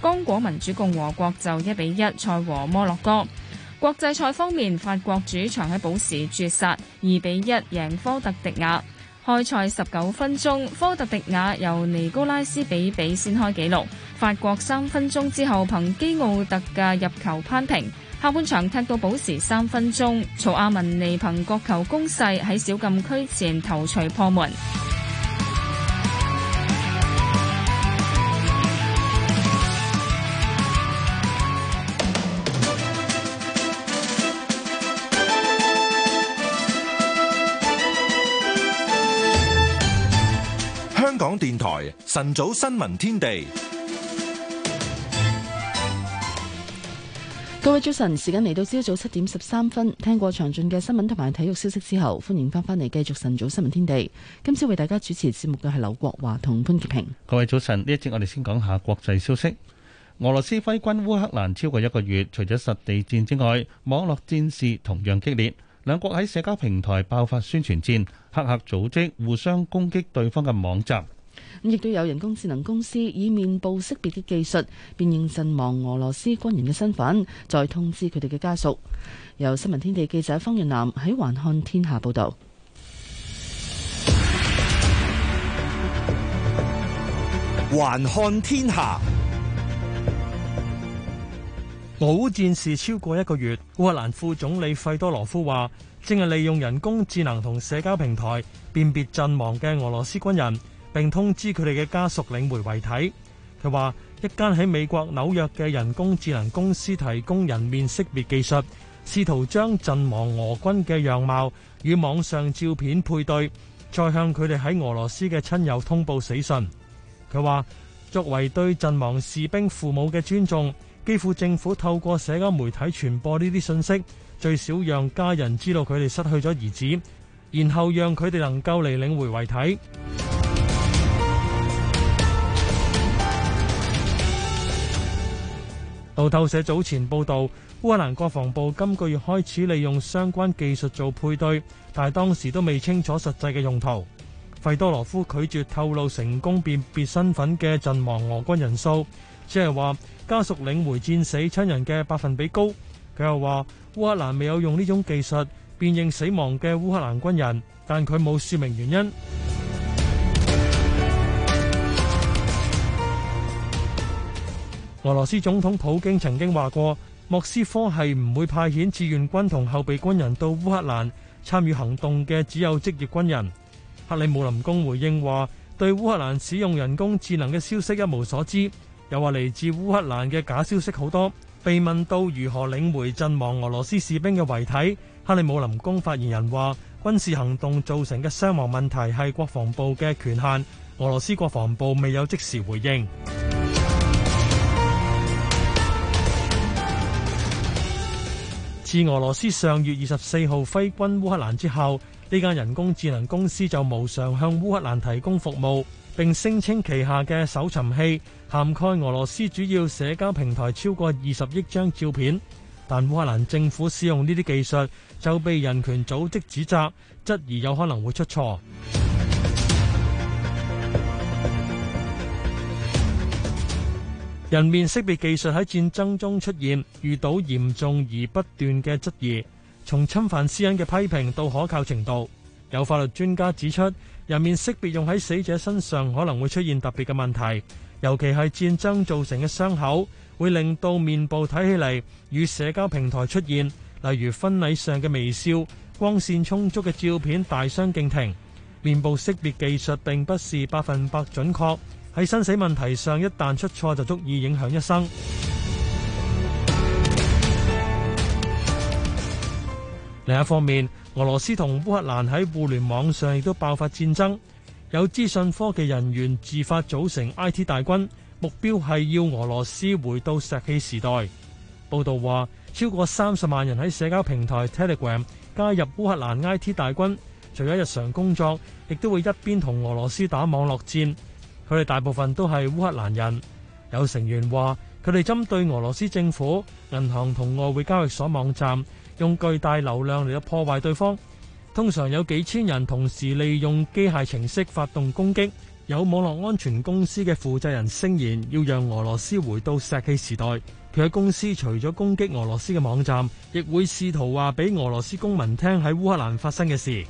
剛果民主共和國就一比一賽和摩洛哥。國際賽方面，法國主場喺保時絕殺二比一贏科特迪瓦。開賽十九分鐘，科特迪瓦由尼高拉斯比比先開紀錄，法國三分鐘之後憑基奧特嘅入球扳平。下半場踢到保時三分鐘，曹阿文尼憑角球攻勢喺小禁區前頭槌破門。台晨早新聞天地，各位早晨，時間嚟到朝早七點十三分。聽過詳盡嘅新聞同埋體育消息之後，歡迎返返嚟繼續晨早新聞天地。今朝為大家主持節目嘅係劉國華同潘潔平。各位早晨，呢一節我哋先講下國際消息。俄羅斯揮軍烏克蘭超過一個月，除咗實地戰之外，網絡戰事同樣激烈。兩國喺社交平台爆發宣傳戰，黑客組織互相攻擊對方嘅網站。咁亦都有人工智能公司以面部識別嘅技術辨認陣亡俄羅斯軍人嘅身份，再通知佢哋嘅家屬。由新聞天地記者方潤南喺《環看天下》報道，《環看天下》俄烏戰事超過一個月，烏克蘭副總理費多羅夫話，正係利用人工智能同社交平台辨別陣亡嘅俄羅斯軍人。並通知佢哋嘅家屬領回遺體。佢話一間喺美國紐約嘅人工智能公司提供人面識別技術，試圖將陣亡俄軍嘅樣貌與網上照片配對，再向佢哋喺俄羅斯嘅親友通報死訊。佢話作為對陣亡士兵父母嘅尊重，幾乎政府透過社交媒體傳播呢啲信息，最少讓家人知道佢哋失去咗兒子，然後讓佢哋能夠嚟領回遺體。路透社早前報道，烏克蘭國防部今個月開始利用相關技術做配對，但係當時都未清楚實際嘅用途。費多羅夫拒絕透露成功辨別身份嘅陣亡俄軍人數，即係話家屬領回戰死親人嘅百分比高。佢又話烏克蘭未有用呢種技術辨認死亡嘅烏克蘭軍人，但佢冇說明原因。俄羅斯總統普京曾經話過，莫斯科係唔會派遣志願軍同後備軍人到烏克蘭參與行動嘅，只有職業軍人。克里姆林宮回應話，對烏克蘭使用人工智能嘅消息一無所知，又話嚟自烏克蘭嘅假消息好多。被問到如何領回陣亡俄羅斯士兵嘅遺體，克里姆林宮發言人話，軍事行動造成嘅傷亡問題係國防部嘅權限，俄羅斯國防部未有即時回應。自俄羅斯上月二十四號揮軍烏克蘭之後，呢間人工智能公司就無償向烏克蘭提供服務，並聲稱旗下嘅搜尋器涵蓋俄羅斯主要社交平台超過二十億張照片。但烏克蘭政府使用呢啲技術就被人權組織指責，質疑有可能會出錯。人面識別技術喺戰爭中出現，遇到嚴重而不斷嘅質疑，從侵犯私隱嘅批評到可靠程度，有法律專家指出，人面識別用喺死者身上可能會出現特別嘅問題，尤其係戰爭造成嘅傷口會令到面部睇起嚟與社交平台出現，例如婚禮上嘅微笑、光線充足嘅照片大相徑庭。面部識別技術並不是百分百準確。喺生死問題上，一旦出錯就足以影響一生。另一方面，俄羅斯同烏克蘭喺互聯網上亦都爆發戰爭。有資訊科技人員自發組成 IT 大軍，目標係要俄羅斯回到石器時代。報道話，超過三十萬人喺社交平台 Telegram 加入烏克蘭 IT 大軍，除咗日常工作，亦都會一邊同俄羅斯打網絡戰。佢哋大部分都係烏克蘭人，有成員話佢哋針對俄羅斯政府、銀行同外匯交易所網站，用巨大流量嚟到破壞對方。通常有幾千人同時利用機械程式發動攻擊。有網絡安全公司嘅負責人聲言，要讓俄羅斯回到石器時代。佢嘅公司除咗攻擊俄羅斯嘅網站，亦會試圖話俾俄羅斯公民聽喺烏克蘭發生嘅事。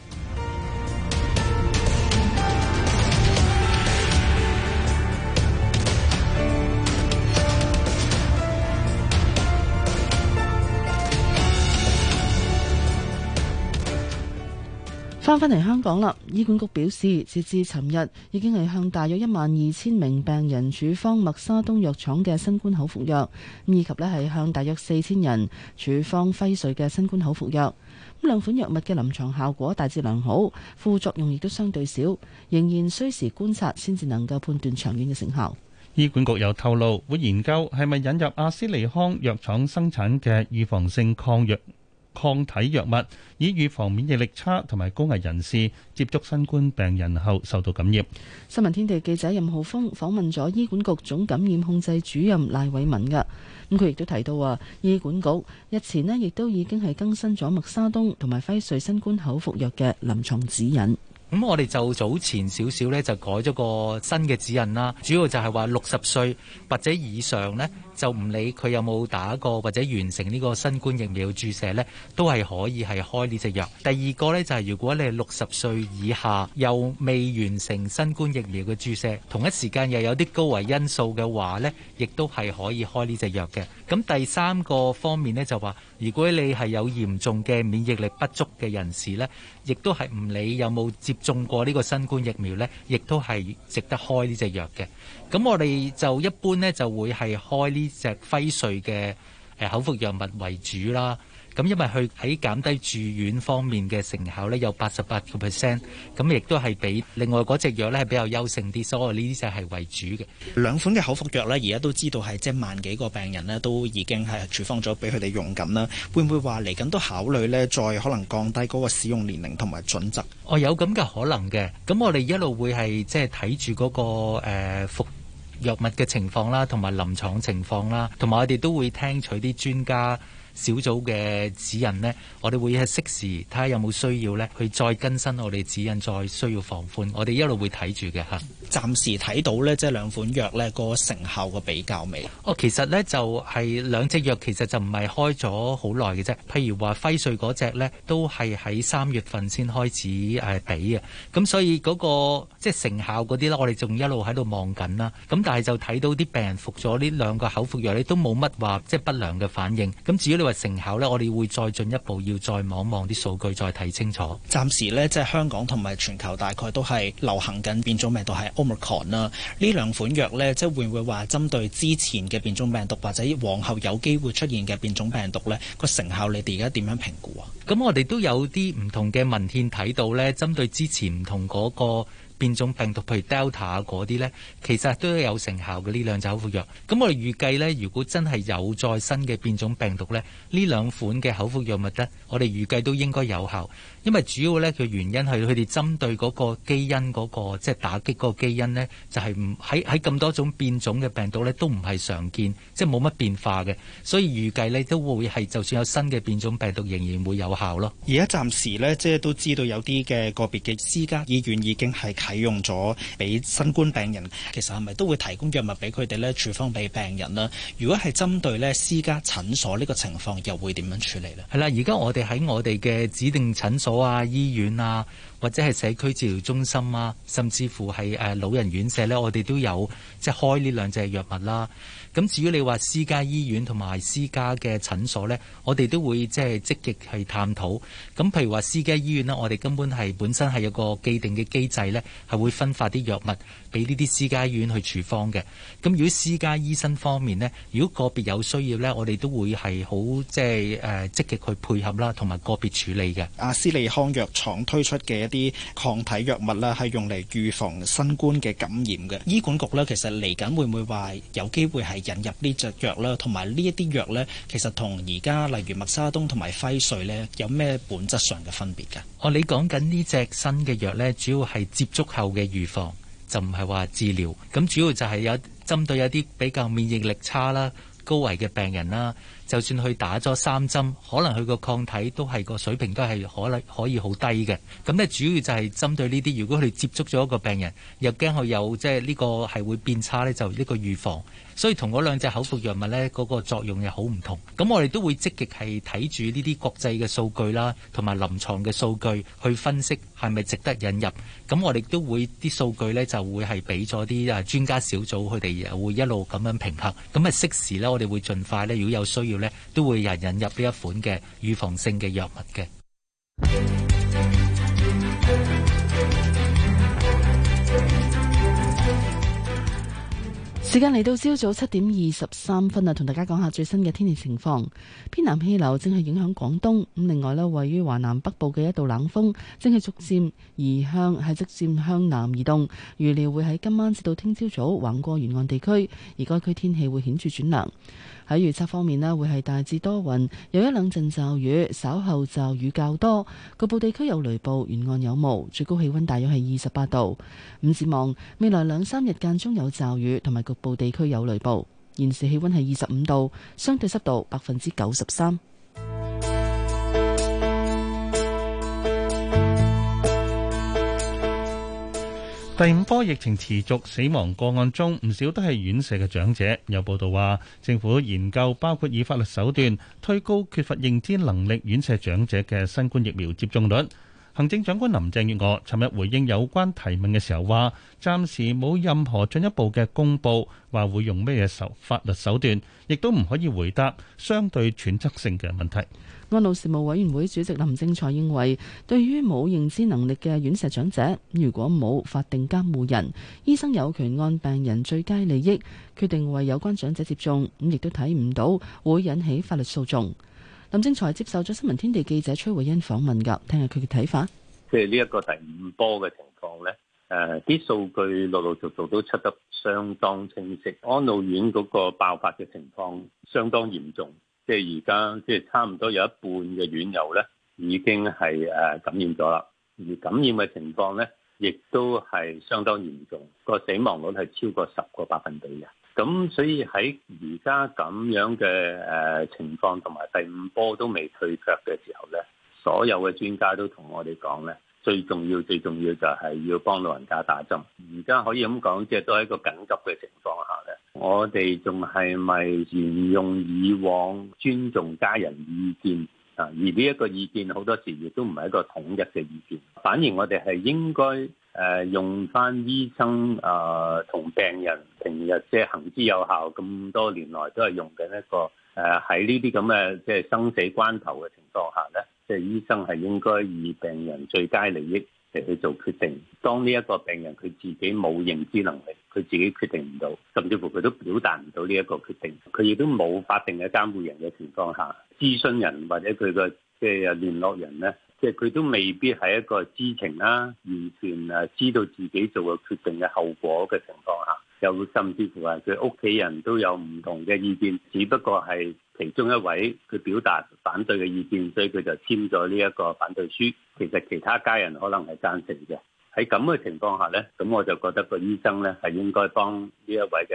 翻返嚟香港啦！醫管局表示，截至尋日已經係向大約一萬二千名病人處方麥沙東藥廠嘅新冠口服藥，以及咧係向大約四千人處方輝瑞嘅新冠口服藥。咁兩款藥物嘅臨床效果大致良好，副作用亦都相對少，仍然需時觀察先至能夠判斷長遠嘅成效。醫管局又透露會研究係咪引入阿斯利康藥廠生產嘅預防性抗藥。抗體藥物以預防免疫力差同埋高危人士接觸新冠病人後受到感染。新聞天地記者任浩峰訪問咗醫管局總感染控制主任賴偉文㗎，咁佢亦都提到話，醫管局日前呢亦都已經係更新咗默沙東同埋輝瑞新冠口服藥嘅臨床指引。咁我哋就早前少少呢就改咗個新嘅指引啦，主要就係話六十歲或者以上呢，就唔理佢有冇打過或者完成呢個新冠疫苗注射咧，都係可以係開呢隻藥。第二個咧就係、是、如果你係六十歲以下又未完成新冠疫苗嘅注射，同一時間又有啲高危因素嘅話咧，亦都係可以開呢隻藥嘅。咁第三個方面咧就話如果你係有嚴重嘅免疫力不足嘅人士咧，亦都係唔理有冇接種過呢個新冠疫苗咧，亦都係值得開呢隻藥嘅。咁我哋就一般呢就會係開呢隻輝瑞嘅誒口服藥物為主啦。咁因為佢喺減低住院方面嘅成效呢，有八十八個 percent。咁亦都係比另外嗰隻藥呢，係比較優勝啲，所以呢啲就係為主嘅。兩款嘅口服藥呢，而家都知道係即係萬幾個病人呢，都已經係處方咗俾佢哋用緊啦。會唔會話嚟緊都考慮呢？再可能降低嗰個使用年齡同埋準則？哦，有咁嘅可能嘅。咁我哋一路會係即係睇住嗰個誒、呃藥物嘅情況啦，同埋臨床情況啦，同埋我哋都會聽取啲專家小組嘅指引，呢我哋會喺適時睇下有冇需要，呢去再更新我哋指引，再需要放寬，我哋一路會睇住嘅吓。暫時睇到呢，即係兩款藥呢個成效嘅比較未？哦，其實呢，就係、是、兩隻藥，其實就唔係開咗好耐嘅啫。譬如話輝瑞嗰隻呢，都係喺三月份先開始誒畀嘅。咁所以嗰、嗰個即係成效嗰啲呢，我哋仲一路喺度望緊啦。咁但係就睇到啲病人服咗呢兩個口服藥，你都冇乜話即係不良嘅反應。咁至於你話成效呢，我哋會再進一步要再望望啲數據，再睇清楚。暫時呢，即係香港同埋全球大概都係流行緊變種病毒係，奧密克戎啦，呢兩款藥呢，即係會唔會話針對之前嘅變種病毒，或者往後有機會出現嘅變種病毒呢個成效，你哋而家點樣評估啊？咁我哋都有啲唔同嘅文獻睇到呢，針對之前唔同嗰個。變種病毒，譬如 Delta 嗰啲呢，其實都有成效嘅呢兩隻口服藥。咁我哋預計呢，如果真係有再新嘅變種病毒呢，呢兩款嘅口服藥物呢，我哋預計都應該有效，因為主要呢，嘅原因係佢哋針對嗰個基因嗰個即係打擊嗰個基因呢，就係唔喺喺咁多種變種嘅病毒呢，都唔係常見，即係冇乜變化嘅，所以預計呢，都會係就算有新嘅變種病毒仍然會有效咯。而家暫時呢，即係都知道有啲嘅個別嘅私家醫院已經係。使用咗俾新冠病人，其實係咪都會提供藥物俾佢哋咧？處方俾病人啦。如果係針對咧私家診所呢個情況，又會點樣處理咧？係啦，而家我哋喺我哋嘅指定診所啊、醫院啊，或者係社區治療中心啊，甚至乎係誒老人院舍咧，我哋都有即係、即係、開呢兩隻藥物啦。咁至於你話私家醫院同埋私家嘅診所呢，我哋都會即係積極去探討。咁譬如話私家醫院呢，我哋根本係本身係有個既定嘅機制呢，係會分發啲藥物。俾呢啲私家醫院去處方嘅。咁如果私家醫生方面呢，如果個別有需要呢，我哋都會係好即係誒積極去配合啦，同埋個別處理嘅。阿斯利康藥廠推出嘅一啲抗體藥物咧，係用嚟預防新冠嘅感染嘅。醫管局呢，其實嚟緊會唔會話有機會係引入隻藥呢隻藥啦？同埋呢一啲藥呢，其實同而家例如默沙東同埋輝瑞呢，有咩本質上嘅分別嘅？哦，你講緊呢隻新嘅藥呢，主要係接觸後嘅預防。就唔係話治療，咁主要就係有針對有啲比較免疫力差啦、高危嘅病人啦，就算佢打咗三針，可能佢個抗體都係個水平都係可能可以好低嘅。咁咧主要就係針對呢啲，如果佢接觸咗一個病人，又驚佢有即係呢個係會變差，呢就呢個預防。所以同嗰兩隻口服藥物咧，嗰個作用又好唔同。咁我哋都會積極係睇住呢啲國際嘅數據啦，同埋臨床嘅數據去分析係咪值得引入。咁我哋都會啲數據咧就會，係俾咗啲啊專家小組，佢哋會一路咁樣評核。咁啊適時咧，我哋會盡快咧，如果有需要咧，都會引入呢一款嘅預防性嘅藥物嘅。時間嚟到朝早七點二十三分啊，同大家講下最新嘅天氣情況。偏南氣流正係影響廣東，咁另外呢，位於華南北部嘅一道冷鋒正係逐漸移向係逐漸向南移動，預料會喺今晚至到聽朝早橫過沿岸地區，而該區天氣會顯著轉涼。喺預測方面咧，會係大致多雲，有一兩陣驟雨，稍後驟雨較多，局部地區有雷暴，沿岸有霧，最高氣温大約係二十八度。五展望未來兩三日，間中有驟雨同埋局部地區有雷暴。現時氣温係二十五度，相對濕度百分之九十三。第五波疫情持續，死亡個案中唔少都係院舍嘅長者。有報道話，政府研究包括以法律手段推高缺乏認知能力院舍長者嘅新冠疫苗接種率。行政長官林鄭月娥尋日回應有關提問嘅時候話，暫時冇任何進一步嘅公佈，話會用咩嘢法律手段，亦都唔可以回答相對揣測性嘅問題。安老事務委員會主席林正財認為，對於冇認知能力嘅院舍長者，如果冇法定監護人，醫生有權按病人最佳利益決定為有關長者接種，咁亦都睇唔到會引起法律訴訟。林正財接受咗新聞天地記者崔慧欣訪問噶，聽下佢嘅睇法。即係呢一個第五波嘅情況咧，誒、呃，啲數據陸陸續續都出得相當清晰。安老院嗰個爆發嘅情況相當嚴重，即係而家即係差唔多有一半嘅院友咧已經係誒感染咗啦，而感染嘅情況咧亦都係相當嚴重，個死亡率係超過十個百分比嘅。咁所以喺而家咁樣嘅誒情況同埋第五波都未退卻嘅時候呢，所有嘅專家都同我哋講，呢最重要最重要就係要幫老人家打針。而家可以咁講，即係都係一個緊急嘅情況下呢，我哋仲係咪沿用以往尊重家人意見？啊！而呢一個意見好多時亦都唔係一個統一嘅意見，反而我哋係應該誒、呃、用返醫生啊同、呃、病人平日即係行之有效咁多年來都係用緊一個誒，喺呢啲咁嘅即係生死關頭嘅情況下咧，即係、就是、醫生係應該以病人最佳利益嚟去做決定。當呢一個病人佢自己冇認知能力，佢自己決定唔到，甚至乎佢都表達唔到呢一個決定，佢亦都冇法定嘅監護人嘅情況下，諮詢人或者佢個即係聯絡人呢，即係佢都未必係一個知情啦，完全係知道自己做嘅決定嘅後果嘅情況下。有甚至乎啊，佢屋企人都有唔同嘅意見，只不過係其中一位佢表達反對嘅意見，所以佢就簽咗呢一個反對書。其實其他家人可能係贊成嘅。喺咁嘅情況下呢，咁我就覺得個醫生呢係應該幫呢一位嘅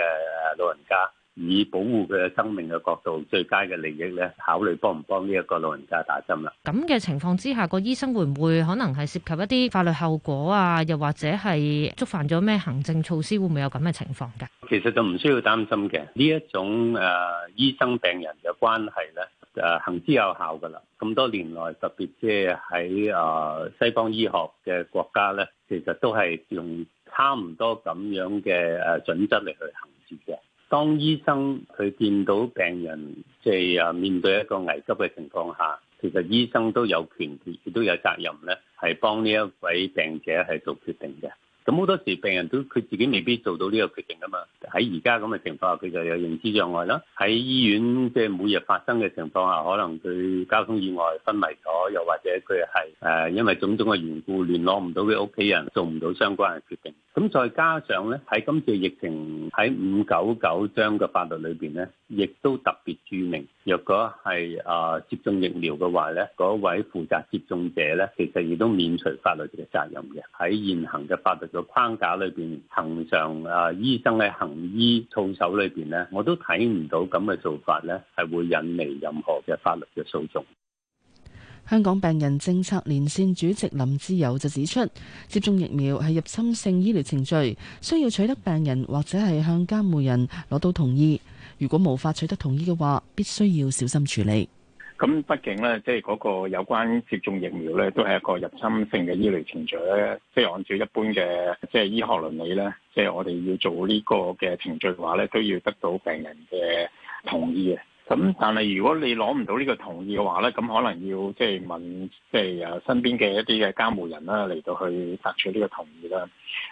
老人家。以保護佢嘅生命嘅角度，最佳嘅利益咧，考慮幫唔幫呢一個老人家打針啦？咁嘅情況之下，個醫生會唔會可能係涉及一啲法律後果啊？又或者係觸犯咗咩行政措施？會唔會有咁嘅情況嘅？其實就唔需要擔心嘅。呢一種誒、呃、醫生病人嘅關係咧，誒行之有效噶啦。咁多年來，特別即係喺誒西方醫學嘅國家咧，其實都係用差唔多咁樣嘅誒準則嚟去行之嘅。當醫生佢見到病人即係啊面對一個危急嘅情況下，其實醫生都有權，亦都有責任咧，係幫呢一位病者係做決定嘅。咁好多時病人都佢自己未必做到呢個決定㗎嘛？喺而家咁嘅情況下，佢就有認知障礙啦。喺醫院即係、就是、每日發生嘅情況下，可能佢交通意外昏迷咗，又或者佢係誒因為種種嘅緣故聯絡唔到佢屋企人，做唔到相關嘅決定。咁再加上咧，喺今次疫情喺五九九章嘅法律裏邊咧，亦都特別註明，若果係啊、呃、接種疫苗嘅話咧，嗰位負責接種者咧，其實亦都免除法律嘅責任嘅。喺現行嘅法律個框架裏邊，恒常誒醫生嘅行醫操守裏邊咧，我都睇唔到咁嘅做法呢係會引嚟任何嘅法律嘅訴訟。香港病人政策連線主席林志友就指出，接種疫苗係入侵性醫療程序，需要取得病人或者係向監護人攞到同意。如果無法取得同意嘅話，必須要小心處理。咁畢竟咧，即係嗰個有關接種疫苗咧，都係一個入侵性嘅醫療程序咧。即係按照一般嘅即係醫學倫理咧，即係我哋要做呢個嘅程序嘅話咧，都要得到病人嘅同意嘅。咁但係如果你攞唔到呢個同意嘅話咧，咁可能要即係問即係啊身邊嘅一啲嘅監護人啦，嚟到去索取呢個同意啦。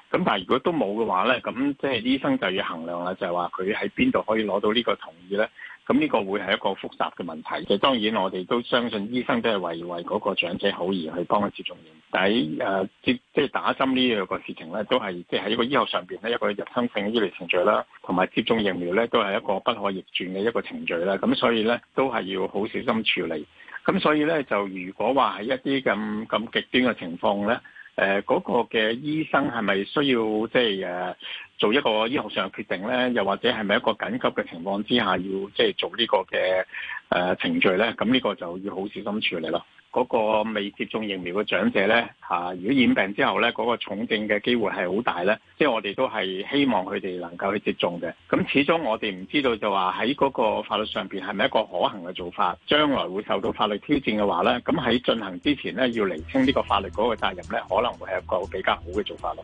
咁但係如果都冇嘅話咧，咁即係醫生就要衡量啦，就係話佢喺邊度可以攞到呢個同意咧。咁呢個會係一個複雜嘅問題，其實當然我哋都相信醫生都係為為嗰個長者好而去幫佢接種，但喺誒、呃、接即係打針呢樣個事情咧，都係即係喺個醫學上邊咧，一個入侵性醫療程序啦，同埋接種疫苗咧都係一個不可逆轉嘅一個程序啦。咁所以咧都係要好小心處理。咁所以咧就如果話係一啲咁咁極端嘅情況咧。誒嗰、呃嗰個嘅醫生係咪需要即係誒做一個醫學上嘅決定咧？又或者係咪一個緊急嘅情況之下要即係做呢個嘅誒、呃、程序咧？咁呢個就要好小心處理咯。嗰個未接種疫苗嘅長者呢，嚇、啊！如果染病之後呢，嗰個重症嘅機會係好大呢。即係我哋都係希望佢哋能夠去接種嘅。咁始終我哋唔知道就話喺嗰個法律上邊係咪一個可行嘅做法？將來會受到法律挑戰嘅話呢。咁喺進行之前呢，要釐清呢個法律嗰個責任呢，可能會係一個比較好嘅做法咯。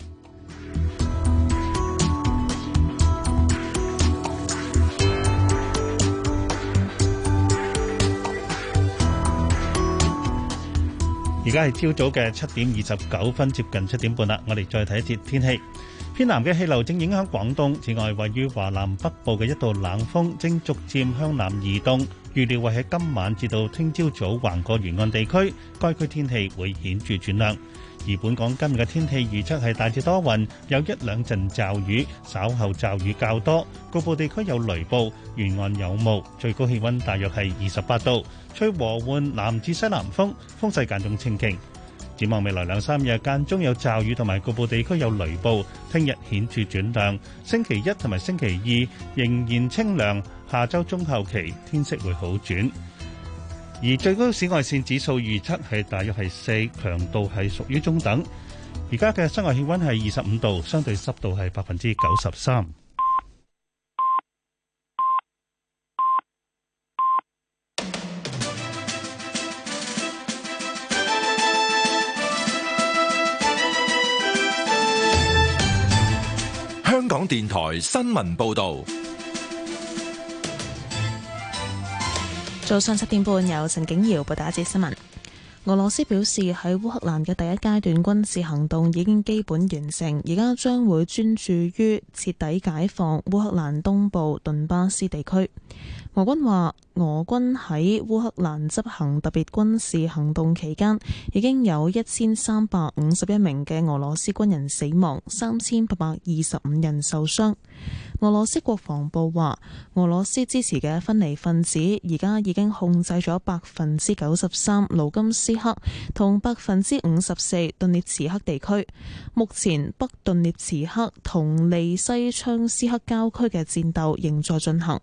而家係朝早嘅七點二十九分，接近七點半啦。我哋再睇一節天氣。偏南嘅氣流正影響廣東，此外位於華南北部嘅一道冷鋒正逐漸向南移動，預料會喺今晚至到聽朝早橫過沿岸地區，該區天氣會顯著轉涼。而本港今日嘅天氣預測係大致多雲，有一兩陣驟雨，稍後驟雨較多，局部地區有雷暴，沿岸有霧，最高氣溫大約係二十八度。吹和緩南至西南風，風勢間中清勁。展望未來兩三日間中有驟雨，同埋局部地區有雷暴。聽日顯著轉涼，星期一同埋星期二仍然清涼。下周中後期天色會好轉，而最高紫外線指數預測係大約係四，強度係屬於中等。而家嘅室外氣溫係二十五度，相對濕度係百分之九十三。香港電台新聞報道，早上七點半，由陳景瑤報導一節新聞。俄羅斯表示喺烏克蘭嘅第一階段軍事行動已經基本完成，而家將會專注於徹底解放烏克蘭東部頓巴斯地區。俄軍話，俄軍喺烏克蘭執行特別軍事行動期間，已經有一千三百五十一名嘅俄羅斯軍人死亡，三千八百二十五人受傷。俄羅斯國防部話，俄羅斯支持嘅分離分子而家已經控制咗百分之九十三盧甘斯克同百分之五十四頓涅茨克地區。目前，北頓涅茨克同利西昌斯克郊區嘅戰鬥仍在進行。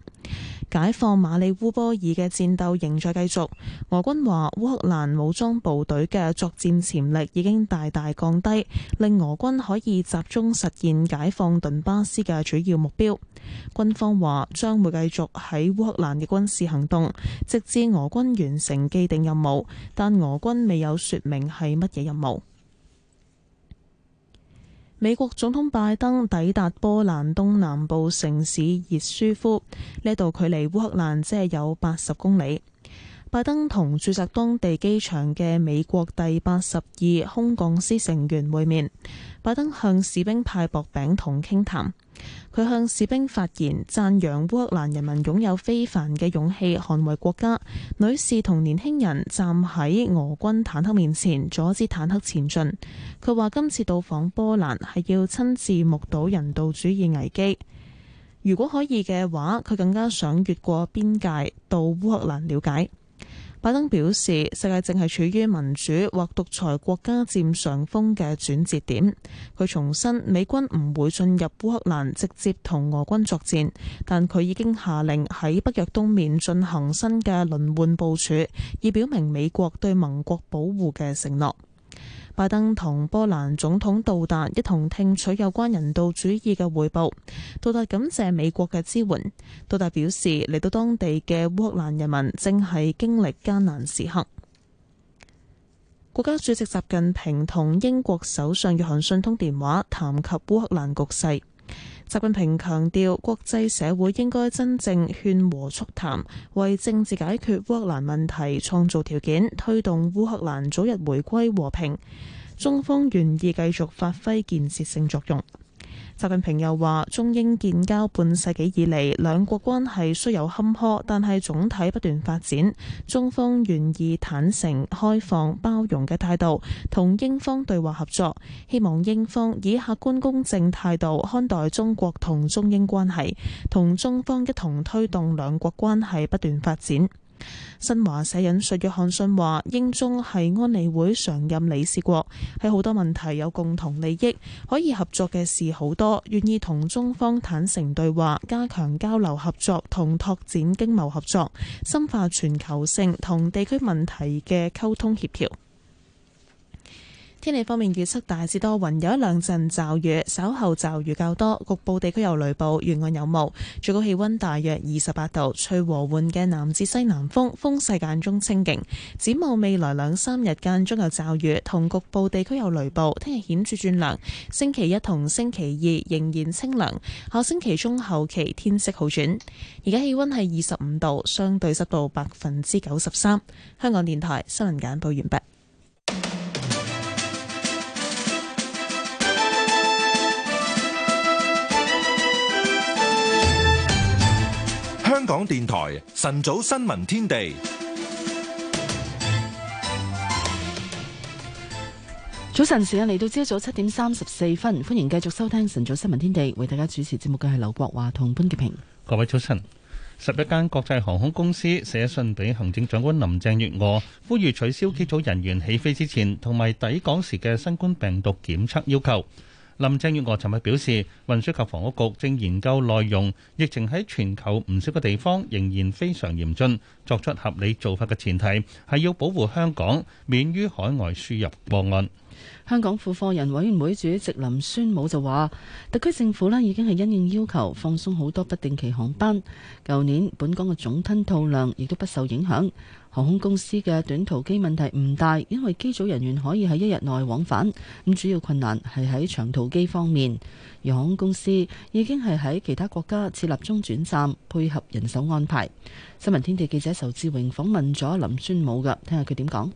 解放馬里烏波爾嘅戰鬥仍在繼續。俄軍話，烏克蘭武裝部隊嘅作戰潛力已經大大降低，令俄軍可以集中實現解放頓巴斯嘅主要目標。軍方話將會繼續喺烏克蘭嘅軍事行動，直至俄軍完成既定任務，但俄軍未有說明係乜嘢任務。美國總統拜登抵達波蘭東南部城市熱舒夫，呢度距離烏克蘭只有八十公里。拜登同駐紮當地機場嘅美國第八十二空降師成員會面。拜登向士兵派薄餅同傾談，佢向士兵發言讚揚烏克蘭人民擁有非凡嘅勇氣捍衛國家。女士同年輕人站喺俄軍坦克面前阻止坦克前進。佢話今次到訪波蘭係要親自目睹人道主義危機。如果可以嘅話，佢更加想越過邊界到烏克蘭了解。拜登表示，世界正係處於民主或獨裁國家佔上風嘅轉折點，佢重申，美軍唔會進入烏克蘭直接同俄軍作戰，但佢已經下令喺北約東面進行新嘅輪換部署，以表明美國對盟國保護嘅承諾。拜登同波蘭總統杜達一同聽取有關人道主義嘅匯報，杜達感謝美國嘅支援。杜達表示，嚟到當地嘅烏克蘭人民正係經歷艱難時刻。國家主席習近平同英國首相約翰遜通電話，談及烏克蘭局勢。習近平強調，國際社會應該真正勸和促談，為政治解決烏克蘭問題創造條件，推動烏克蘭早日回歸和平。中方願意繼續發揮建設性作用。習近平又話：中英建交半世紀以嚟，兩國關係雖有坎坷，但係總體不斷發展。中方願意坦誠、開放、包容嘅態度同英方對話合作，希望英方以客觀公正態度看待中國同中英關係，同中方一同推動兩國關係不斷發展。新華社引述約翰遜話：英中係安理會常任理事國，喺好多問題有共同利益，可以合作嘅事好多，願意同中方坦誠對話，加強交流合作同拓展經貿合作，深化全球性同地區問題嘅溝通協調。天氣方面，預測大致多雲，有一兩陣驟雨，稍後驟雨較多，局部地區有雷暴，沿岸有霧。最高氣溫大約二十八度，吹和緩嘅南至西南風，風勢間中清勁。展望未來兩三日間中有驟雨，同局部地區有雷暴。聽日顯著轉涼，星期一同星期二仍然清涼，下星期中後期天色好轉。而家氣溫係二十五度，相對濕度百分之九十三。香港電台新聞簡報完畢。香港電台晨早新聞天地，早晨時間嚟到朝早七點三十四分，歡迎繼續收聽晨早新聞天地，為大家主持節目嘅係劉國華同潘潔平。各位早晨，十一間國際航空公司寫信俾行政長官林鄭月娥，呼籲取消機組人員起飛之前同埋抵港時嘅新冠病毒檢測要求。林鄭月娥尋日表示，運輸及房屋局正研究內容。疫情喺全球唔少嘅地方仍然非常嚴峻，作出合理做法嘅前提，係要保護香港，免於海外輸入個案。香港付貨人委員會主席林宣武就話，特區政府呢已經係因應要求放鬆好多不定期航班，舊年本港嘅總吞吐量亦都不受影響。航空公司嘅短途機問題唔大，因為機組人員可以喺一日內往返，咁主要困難係喺長途機方面。而航空公司已經係喺其他國家設立中轉站，配合人手安排。新聞天地記者仇志榮訪問咗林宣武嘅，聽下佢點講。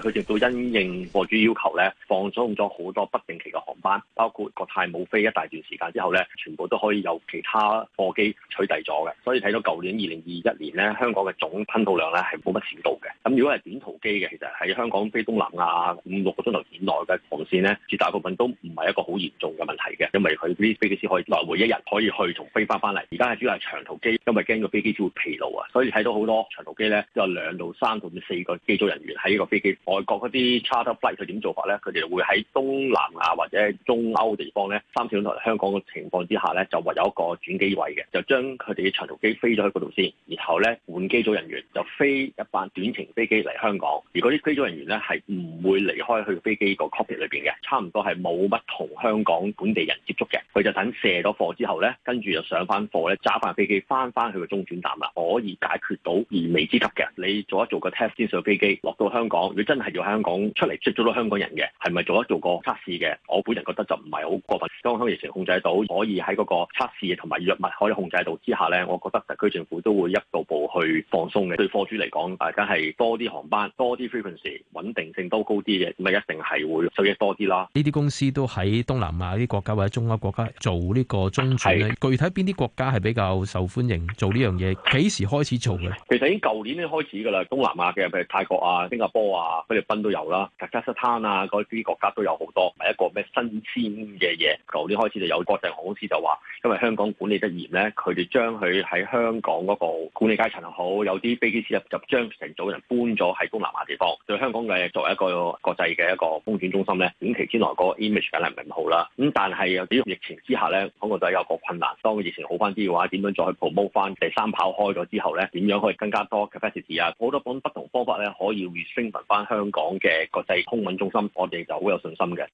佢哋都因應貨主要求咧，放鬆咗好多不定期嘅航班，包括國泰冇飛一大段時間之後咧，全部都可以由其他貨機取替咗嘅。所以睇到舊年二零二一年咧，香港嘅總吞吐量咧係冇乜前度嘅。咁如果係短途機嘅，其實喺香港飛東南亞五六個鐘頭以內嘅航線咧，絕大部分都唔係一個好嚴重嘅問題嘅，因為佢啲飛機師可以來回一日可以去同飛翻翻嚟。而家係主要係長途機，因為驚個飛機師會疲勞啊，所以睇到好多長途機咧都有兩到三到四個機組人員喺呢個飛機。外國嗰啲 charter flight 佢點做法咧？佢哋會喺東南亞或者中歐地方咧，三轉台香港嘅情況之下咧，就有一個轉機位嘅，就將佢哋嘅長途機飛咗去嗰度先，然後咧換機組人員就飛一班短程飛機嚟香港。如果啲機組人員咧係唔會離開去飛機個 cockpit 裏裏邊嘅，差唔多係冇乜同香港本地人接觸嘅，佢就等卸咗貨之後咧，跟住就上翻貨咧，揸翻飛機翻翻去個中轉站啦，可以解決到燃眉之急嘅。你做一做個 test 先上飛機，落到香港，真係要香港出嚟接觸到香港人嘅，係咪做一做一個測試嘅？我本人覺得就唔係好過分。香港疫情控制到，可以喺嗰個測試同埋藥物可以控制到之下咧，我覺得特區政府都會一步步去放鬆嘅。對貨主嚟講，大家係多啲航班、多啲 frequency、穩定性都高啲嘅，咁咪一定係會收益多啲啦。呢啲公司都喺東南亞啲國家或者中歐國家做呢個中轉。是具體邊啲國家係比較受歡迎做呢樣嘢？幾時開始做嘅？其實已經舊年都開始㗎啦。東南亞嘅譬如泰國啊、新加坡啊。菲律賓都有啦，吉加，加斯灘啊，嗰啲國家都有好多，係一個咩新鮮嘅嘢。舊年開始就有國際航空公司就話，因為香港管理得嚴咧，佢哋將佢喺香港嗰個管理階層好，有啲飛機師入就將成組人搬咗喺東南亞地方。對香港嘅作為一個國際嘅一個風險中心咧，短期之內個 image 梗係唔好啦。咁但係由於疫情之下咧，香港都有個困難。當疫情好翻啲嘅話，點樣再去 promote 翻第三跑開咗之後咧，點樣可以更加多 capacity 啊？好多種不同方法咧，可以 re 翻。香港嘅國際空運中心，我哋就好有信心嘅。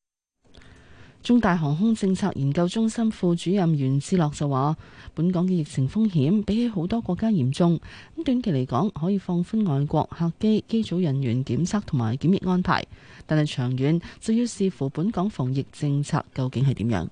中大航空政策研究中心副主任袁志樂就話，本港嘅疫情風險比起好多國家嚴重，咁短期嚟講可以放寬外國客機機組人員檢測同埋檢疫安排，但係長遠就要視乎本港防疫政策究竟係點樣。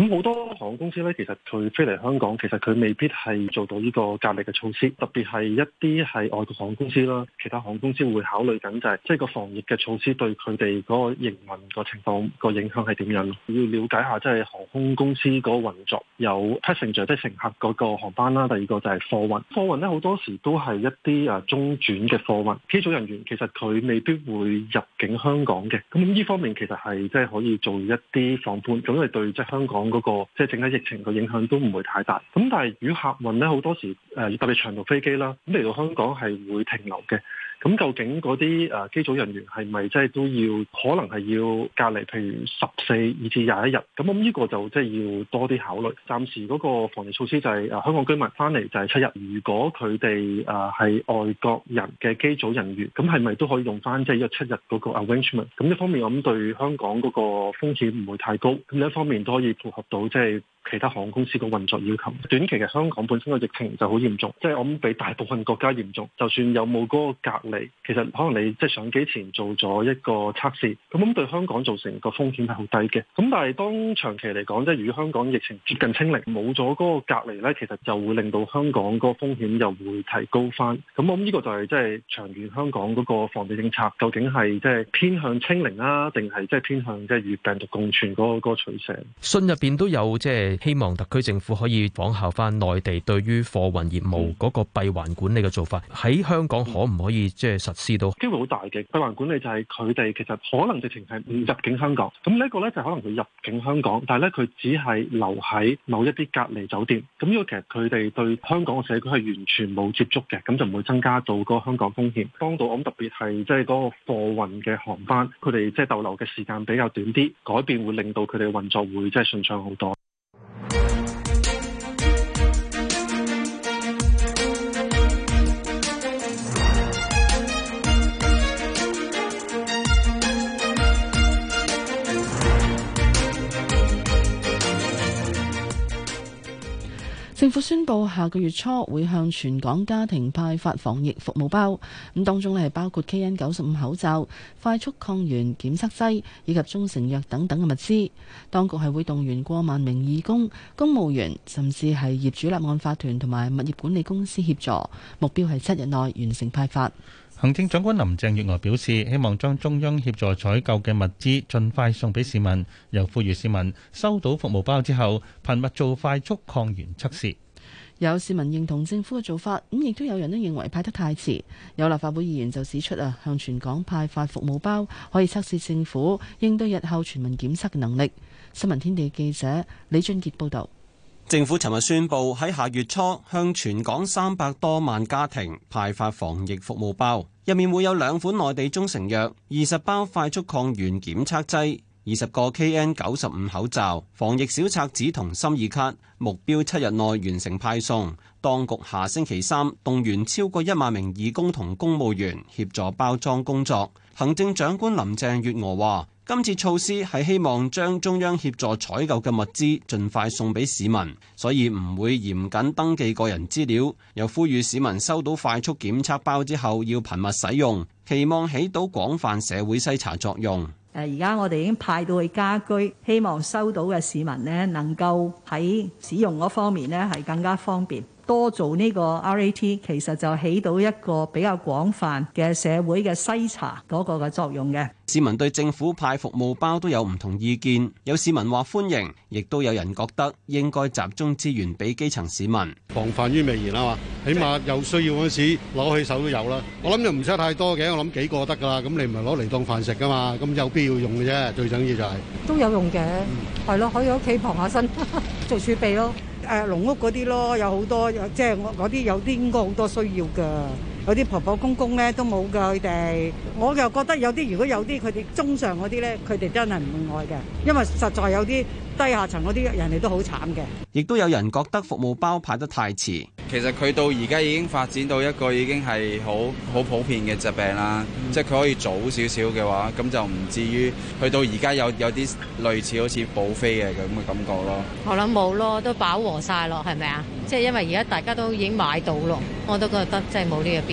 咁好多航空公司咧，其實佢飛嚟香港，其實佢未必係做到呢個隔離嘅措施，特別係一啲係外國航空公司啦，其他航空公司會考慮緊就係，即係個防疫嘅措施對佢哋嗰個營運個情況個影響係點樣？要了解下，即係航空公司嗰個運作有 passenger，即係乘客嗰個航班啦。第二個就係貨運，貨運咧好多時都係一啲啊中轉嘅貨運，機組人員其實佢未必會入境香港嘅。咁呢方面其實係即係可以做一啲放寬，因為對即係香港。嗰、那個即係、就是、整體疫情嘅影響都唔會太大，咁但係與客運咧好多時誒，呃，特別長途飛機啦，咁嚟到香港係會停留嘅。咁究竟嗰啲誒機組人員係咪即係都要可能係要隔離，譬如十四二至廿一日，咁我諗呢個就即係要多啲考慮。暫時嗰個防疫措施就係、是、誒、啊、香港居民翻嚟就係七日。如果佢哋誒係外國人嘅機組人員，咁係咪都可以用翻即係一七日嗰個 arrangement？咁一方面我諗對香港嗰個風險唔會太高。咁另一方面都可以符合到即係其他航空公司嘅運作要求。短期嘅香港本身嘅疫情就好嚴重，即、就、係、是、我諗比大部分國家嚴重。就算有冇嗰個隔嚟，其實可能你即係上機前做咗一個測試，咁咁對香港造成個風險係好低嘅。咁但係當長期嚟講，即係與香港疫情接近清零，冇咗嗰個隔離咧，其實就會令到香港嗰個風險又會提高翻。咁我諗呢個就係即係長遠香港嗰個防疫政策究竟係即係偏向清零啊，定係即係偏向即係與病毒共存嗰個嗰個取捨？信入邊都有即係希望特區政府可以仿效翻內地對於貨運業務嗰個閉環管理嘅做法，喺、嗯、香港可唔可以？即係實施到 機會好大嘅閉環管理就係佢哋其實可能直情係唔入境香港，咁呢一個咧就可能佢入境香港，但係咧佢只係留喺某一啲隔離酒店。咁呢個其實佢哋對香港嘅社區係完全冇接觸嘅，咁就唔會增加到個香港風險。當到我諗特別係即係嗰個貨運嘅航班，佢哋即係逗留嘅時間比較短啲，改變會令到佢哋運作會即係順暢好多。政府宣布，下個月初會向全港家庭派發防疫服務包，咁當中呢係包括 KN 九十五口罩、快速抗原檢測劑以及中成藥等等嘅物資。當局係會動員過萬名義工、公務員甚至係業主立案法團同埋物業管理公司協助，目標係七日內完成派發。行政長官林鄭月娥表示，希望將中央協助採購嘅物資盡快送俾市民，又呼籲市民收到服務包之後，頻密做快速抗原測試。有市民認同政府嘅做法，咁亦都有人咧認為派得太遲。有立法會議員就指出啊，向全港派發服務包可以測試政府應對日後全民檢測嘅能力。新聞天地記者李俊傑報道，政府尋日宣布喺下月初向全港三百多萬家庭派發防疫服務包，入面會有兩款內地中成藥、二十包快速抗原檢測劑。二十個 KN 九十五口罩、防疫小冊子同心意卡，目標七日內完成派送。當局下星期三動員超過一萬名義工同公務員協助包裝工作。行政長官林鄭月娥話：今次措施係希望將中央協助採購嘅物資盡快送俾市民，所以唔會嚴謹登記個人資料。又呼籲市民收到快速檢測包之後要頻密使用，期望起到廣泛社會篩查作用。誒而家我哋已經派到去家居，希望收到嘅市民呢能夠喺使用嗰方面呢係更加方便。多做呢個 RAT，其實就起到一個比較廣泛嘅社會嘅篩查嗰個嘅作用嘅。市民對政府派服務包都有唔同意見，有市民話歡迎，亦都有人覺得應該集中資源俾基層市民。防範於未然啊嘛，起碼有需要嗰時攞起手都有啦。我諗又唔使太多嘅，我諗幾個得㗎啦。咁你唔係攞嚟當飯食㗎嘛？咁有必要用嘅啫，最緊要就係、是、都有用嘅，係咯、嗯，可以喺屋企傍下身做儲備咯。誒農、呃、屋嗰啲咯，有好多，即係我嗰啲有啲應該好多需要㗎。有啲婆婆公公咧都冇噶佢哋，我就覺得有啲如果有啲佢哋中上嗰啲咧，佢哋真係唔會愛嘅，因為實在有啲低下層嗰啲人哋都好慘嘅。亦都有人覺得服務包排得太遲，其實佢到而家已經發展到一個已經係好好普遍嘅疾病啦，嗯、即係佢可以早少少嘅話，咁就唔至於去到而家有有啲類似好似保飛嘅咁嘅感覺咯。我諗冇咯，都飽和晒咯，係咪啊？即係因為而家大家都已經買到咯，我都覺得即係冇呢個。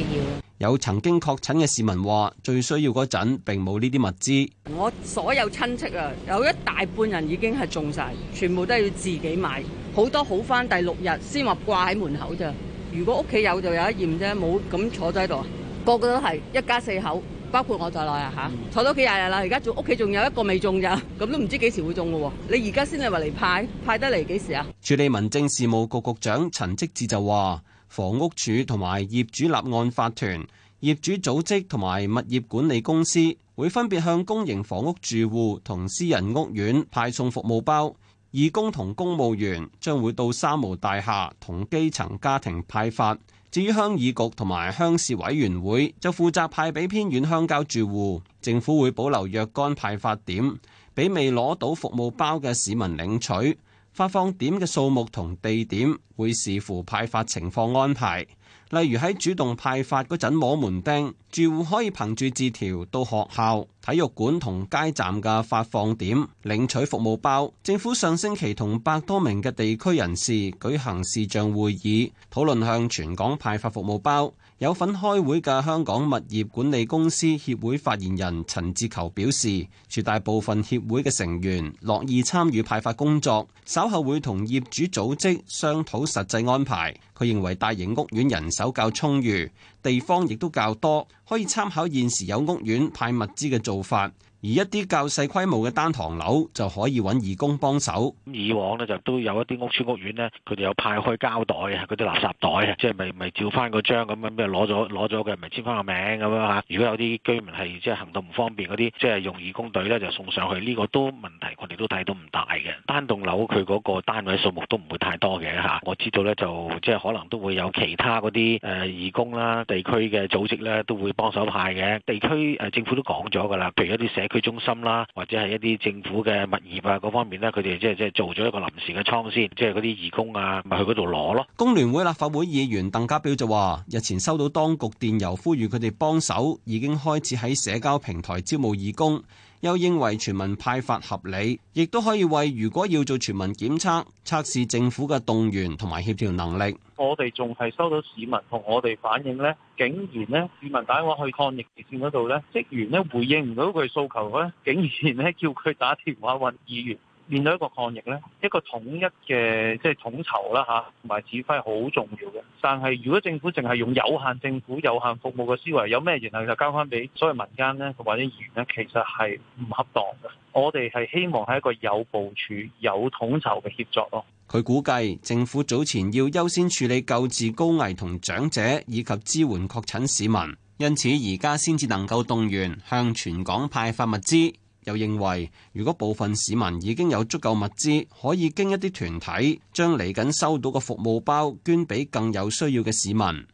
有曾經確診嘅市民話：最需要嗰陣並冇呢啲物資。我所有親戚啊，有一大半人已經係中晒，全部都要自己買。好多好返第六日先話掛喺門口咋。如果屋企有就有一驗啫，冇咁坐咗喺度。個個都係一家四口，包括我在內啊嚇，嗯、坐咗屋企廿日啦。而家仲屋企仲有一個未中咋，咁都唔知幾時會中嘅喎。你而家先係話嚟派，派得嚟幾時啊？處理民政事務局局,局長陳積志就話。房屋署同埋業主立案法團、業主組織同埋物業管理公司會分別向公營房屋住戶同私人屋苑派送服務包，義工同公務員將會到三無大廈同基層家庭派發。至於鄉議局同埋鄉事委員會就負責派俾偏遠鄉郊住戶。政府會保留若干派發點，俾未攞到服務包嘅市民領取。發放點嘅數目同地點會視乎派發情況安排，例如喺主動派發嗰陣摸門釘，住戶可以憑住字條到學校、體育館同街站嘅發放點領取服務包。政府上星期同百多名嘅地區人士舉行視像會議，討論向全港派發服務包。有份開會嘅香港物業管理公司協會發言人陳志求表示，絕大部分協會嘅成員樂意參與派發工作，稍後會同業主組織商討實際安排。佢認為大型屋苑人手較充裕，地方亦都較多，可以參考現時有屋苑派物資嘅做法。而一啲較細規模嘅單堂樓就可以揾義工幫手。以往呢，就都有一啲屋邨屋苑呢，佢哋有派開膠袋啊，嗰啲垃圾袋啊，即係咪咪照翻個章咁樣咩攞咗攞咗嘅，咪簽翻個名咁樣嚇。如果有啲居民係即係行動唔方便嗰啲，即係用義工隊呢，就送上去，呢、呢個都問題，我哋都睇到唔大嘅。單棟樓佢嗰個單位數目都唔會太多嘅嚇。我知道呢，就即係可能都會有其他嗰啲誒義工啦，地區嘅組織呢，都會幫手派嘅。地區政府，政府都講咗噶啦，譬如一啲社區。中心啦，或者係一啲政府嘅物業啊，嗰方面咧，佢哋即係即係做咗一個臨時嘅倉先，即係嗰啲義工啊，咪去嗰度攞咯。工聯會立法會議員鄧家彪就話，日前收到當局電郵呼籲佢哋幫手，已經開始喺社交平台招募義工。又認為全民派發合理，亦都可以為如果要做全民檢測，測試政府嘅動員同埋協調能力。我哋仲係收到市民同我哋反映呢，竟然呢市民打電話去抗疫熱線嗰度呢，職員呢回應唔到佢訴求呢，竟然呢叫佢打電話問議員。面對一個抗疫呢一個統一嘅即係統籌啦嚇，同埋指揮好重要嘅。但係如果政府淨係用有限政府、有限服務嘅思維，有咩然後就交翻俾所謂民間呢，或者議員呢，其實係唔恰當嘅。我哋係希望係一個有部署、有統籌嘅協作咯。佢估計政府早前要優先處理救治高危同長者，以及支援確診市民，因此而家先至能夠動員向全港派發物資。又認為，如果部分市民已經有足夠物資，可以經一啲團體，將嚟緊收到嘅服務包捐俾更有需要嘅市民。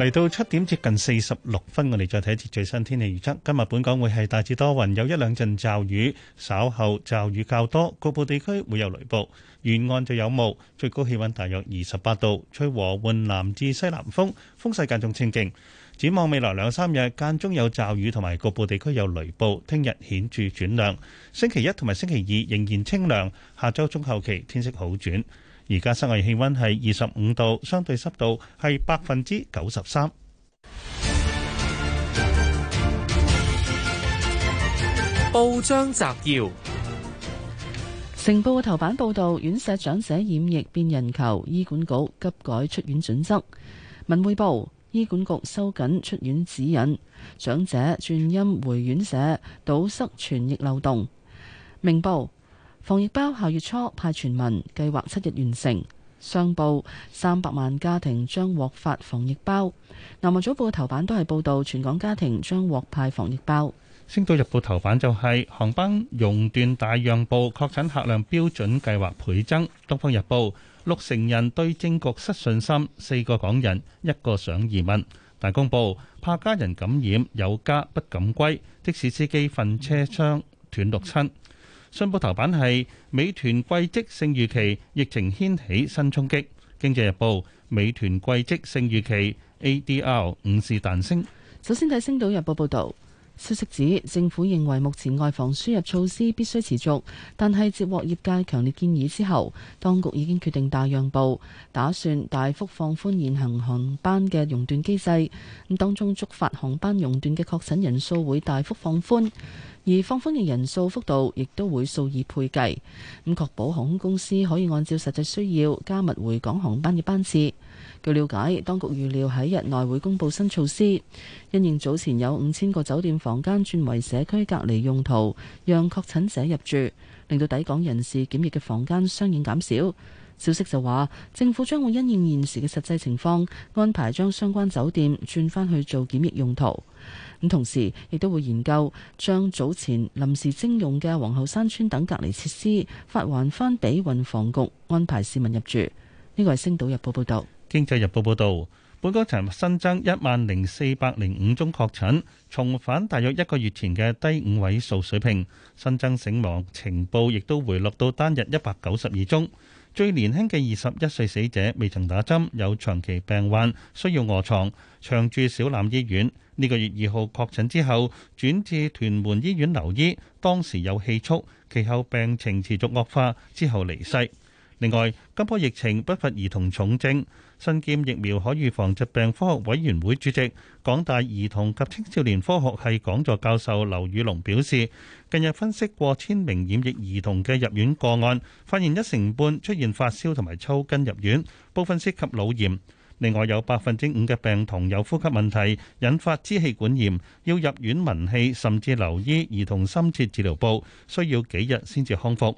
嚟到七點接近四十六分，我哋再睇一次最新天氣預測。今日本港會係大致多雲，有一兩陣驟雨，稍後驟雨較多，局部地區會有雷暴，沿岸就有霧。最高氣温大約二十八度，吹和緩南至西南風，風勢間中清勁。展望未來兩三日，間中有驟雨同埋局部地區有雷暴，聽日顯著轉涼，星期一同埋星期二仍然清涼，下周中後期天色好轉。而家室外氣温係二十五度，相對濕度係百分之九十三。報章摘要：成報嘅頭版報導，院舍長者染疫變人球，醫管局急改出院準則。文匯報：醫管局收緊出院指引，長者轉陰回院舍，堵塞傳疫漏洞。明報防疫包下月初派全民，計劃七日完成。商報，三百萬家庭將獲發防疫包。南華早報頭版都係報道全港家庭將獲派防疫包。星島日報頭版就係航班熔斷大讓步，確診客量標準計劃倍增。東方日報，六成人對政局失信心，四個港人一個想移民。大公報，怕家人感染，有家不敢歸，的士司機瞓車窗斷六親。信報頭版係美團季績勝預期，疫情掀起新衝擊。經濟日報，美團季績勝預期，ADR 午市彈升。R，首先睇星島日報報道。消息指，政府認為目前外防輸入措施必須持續，但係接獲業界強烈建議之後，當局已經決定大讓步，打算大幅放寬現行航班嘅熔斷機制。咁當中觸發航班熔斷嘅確診人數會大幅放寬，而放寬嘅人數幅度亦都會數以倍計，咁確保航空公司可以按照實際需要加密回港航班嘅班次。據了解，當局預料喺日內會公布新措施。因應早前有五千個酒店房間轉為社區隔離用途，讓確診者入住，令到抵港人士檢疫嘅房間相應減少。消息就話，政府將會因應現時嘅實際情況，安排將相關酒店轉翻去做檢疫用途。咁同時亦都會研究將早前臨時徵用嘅皇后山邨等隔離設施發還翻俾運房局，安排市民入住。呢個係《星島日報》報導。經濟日報報導，本港尋日新增一萬零四百零五宗確診，重返大約一個月前嘅低五位數水平。新增死亡情報亦都回落到單日一百九十二宗。最年輕嘅二十一歲死者未曾打針，有長期病患需要臥床。長住小欖醫院。呢個月二號確診之後，轉至屯門醫院留醫，當時有氣促，其後病情持續惡化，之後離世。另外，今波疫情不乏兒童重症，新冠疫苗可預防疾病科學委員會主席、港大兒童及青少年科學系講座教授劉宇龍表示，近日分析過千名染疫兒童嘅入院個案，發現一成半出現發燒同埋抽筋入院，部分涉及腦炎。另外，有百分之五嘅病童有呼吸問題，引發支氣管炎，要入院聞氣甚至留醫，兒童深切治療部需要幾日先至康復。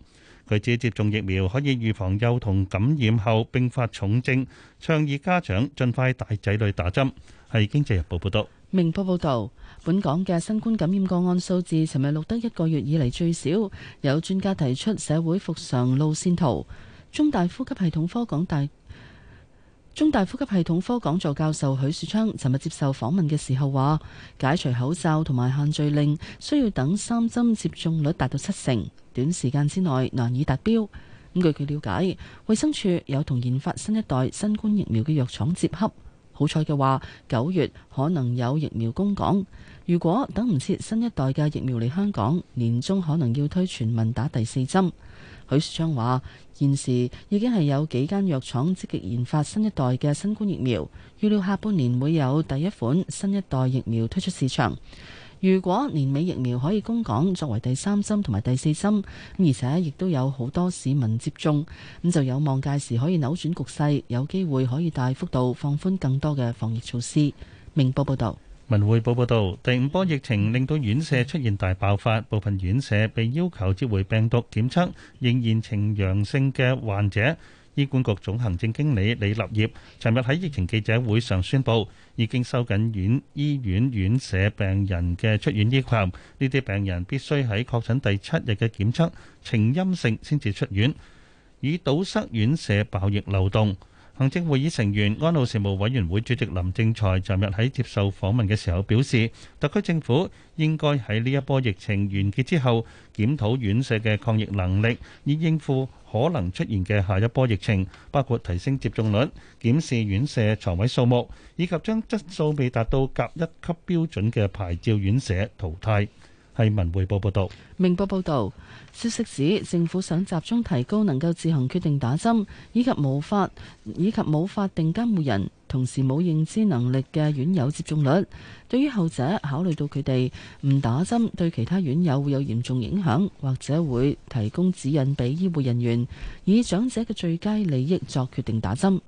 佢指接種疫苗可以預防幼童感染後並發重症，倡議家長盡快帶仔女打針。係《經濟日報》報道。明報報道，本港嘅新冠感染個案數字尋日錄得一個月以嚟最少，有專家提出社會復常路線圖。中大呼吸系統科講大。中大呼吸系統科講座教授許樹昌尋日接受訪問嘅時候話，解除口罩同埋限聚令需要等三針接種率達到七成，短時間之內難以達標，咁據佢了解，衛生署有同研發新一代新冠疫苗嘅藥廠接洽，好彩嘅話九月可能有疫苗供港。如果等唔切新一代嘅疫苗嚟香港，年中可能要推全民打第四針。許樹昌話，現時已經係有幾間藥廠積極研發新一代嘅新冠疫苗，預料下半年會有第一款新一代疫苗推出市場。如果年尾疫苗可以供港作為第三針同埋第四針，咁而且亦都有好多市民接種，咁就有望屆時可以扭轉局勢，有機會可以大幅度放寬更多嘅防疫措施。明報報道。文匯報報道，第五波疫情令到院舍出現大爆發，部分院舍被要求接回病毒檢測仍然呈陽性嘅患者。醫管局總行政經理李立業尋日喺疫情記者會上宣布，已經收緊院醫院院舍病人嘅出院要求，呢啲病人必須喺確診第七日嘅檢測呈陰性先至出院，以堵塞院舍爆疫漏洞。行政會議成員、安老事務委員會主席林正財昨日喺接受訪問嘅時候表示，特區政府應該喺呢一波疫情完結之後，檢討院舍嘅抗疫能力，以應付可能出現嘅下一波疫情，包括提升接種率、檢視院舍床位數目，以及將質素未達到甲一級標準嘅牌照院舍淘汰。係文匯報報道，明報報道，消息指政府想集中提高能夠自行決定打針以及冇法以及冇法定監護人，同時冇認知能力嘅院友接種率。對於後者，考慮到佢哋唔打針對其他院友會有嚴重影響，或者會提供指引俾醫護人員，以長者嘅最佳利益作決定打針。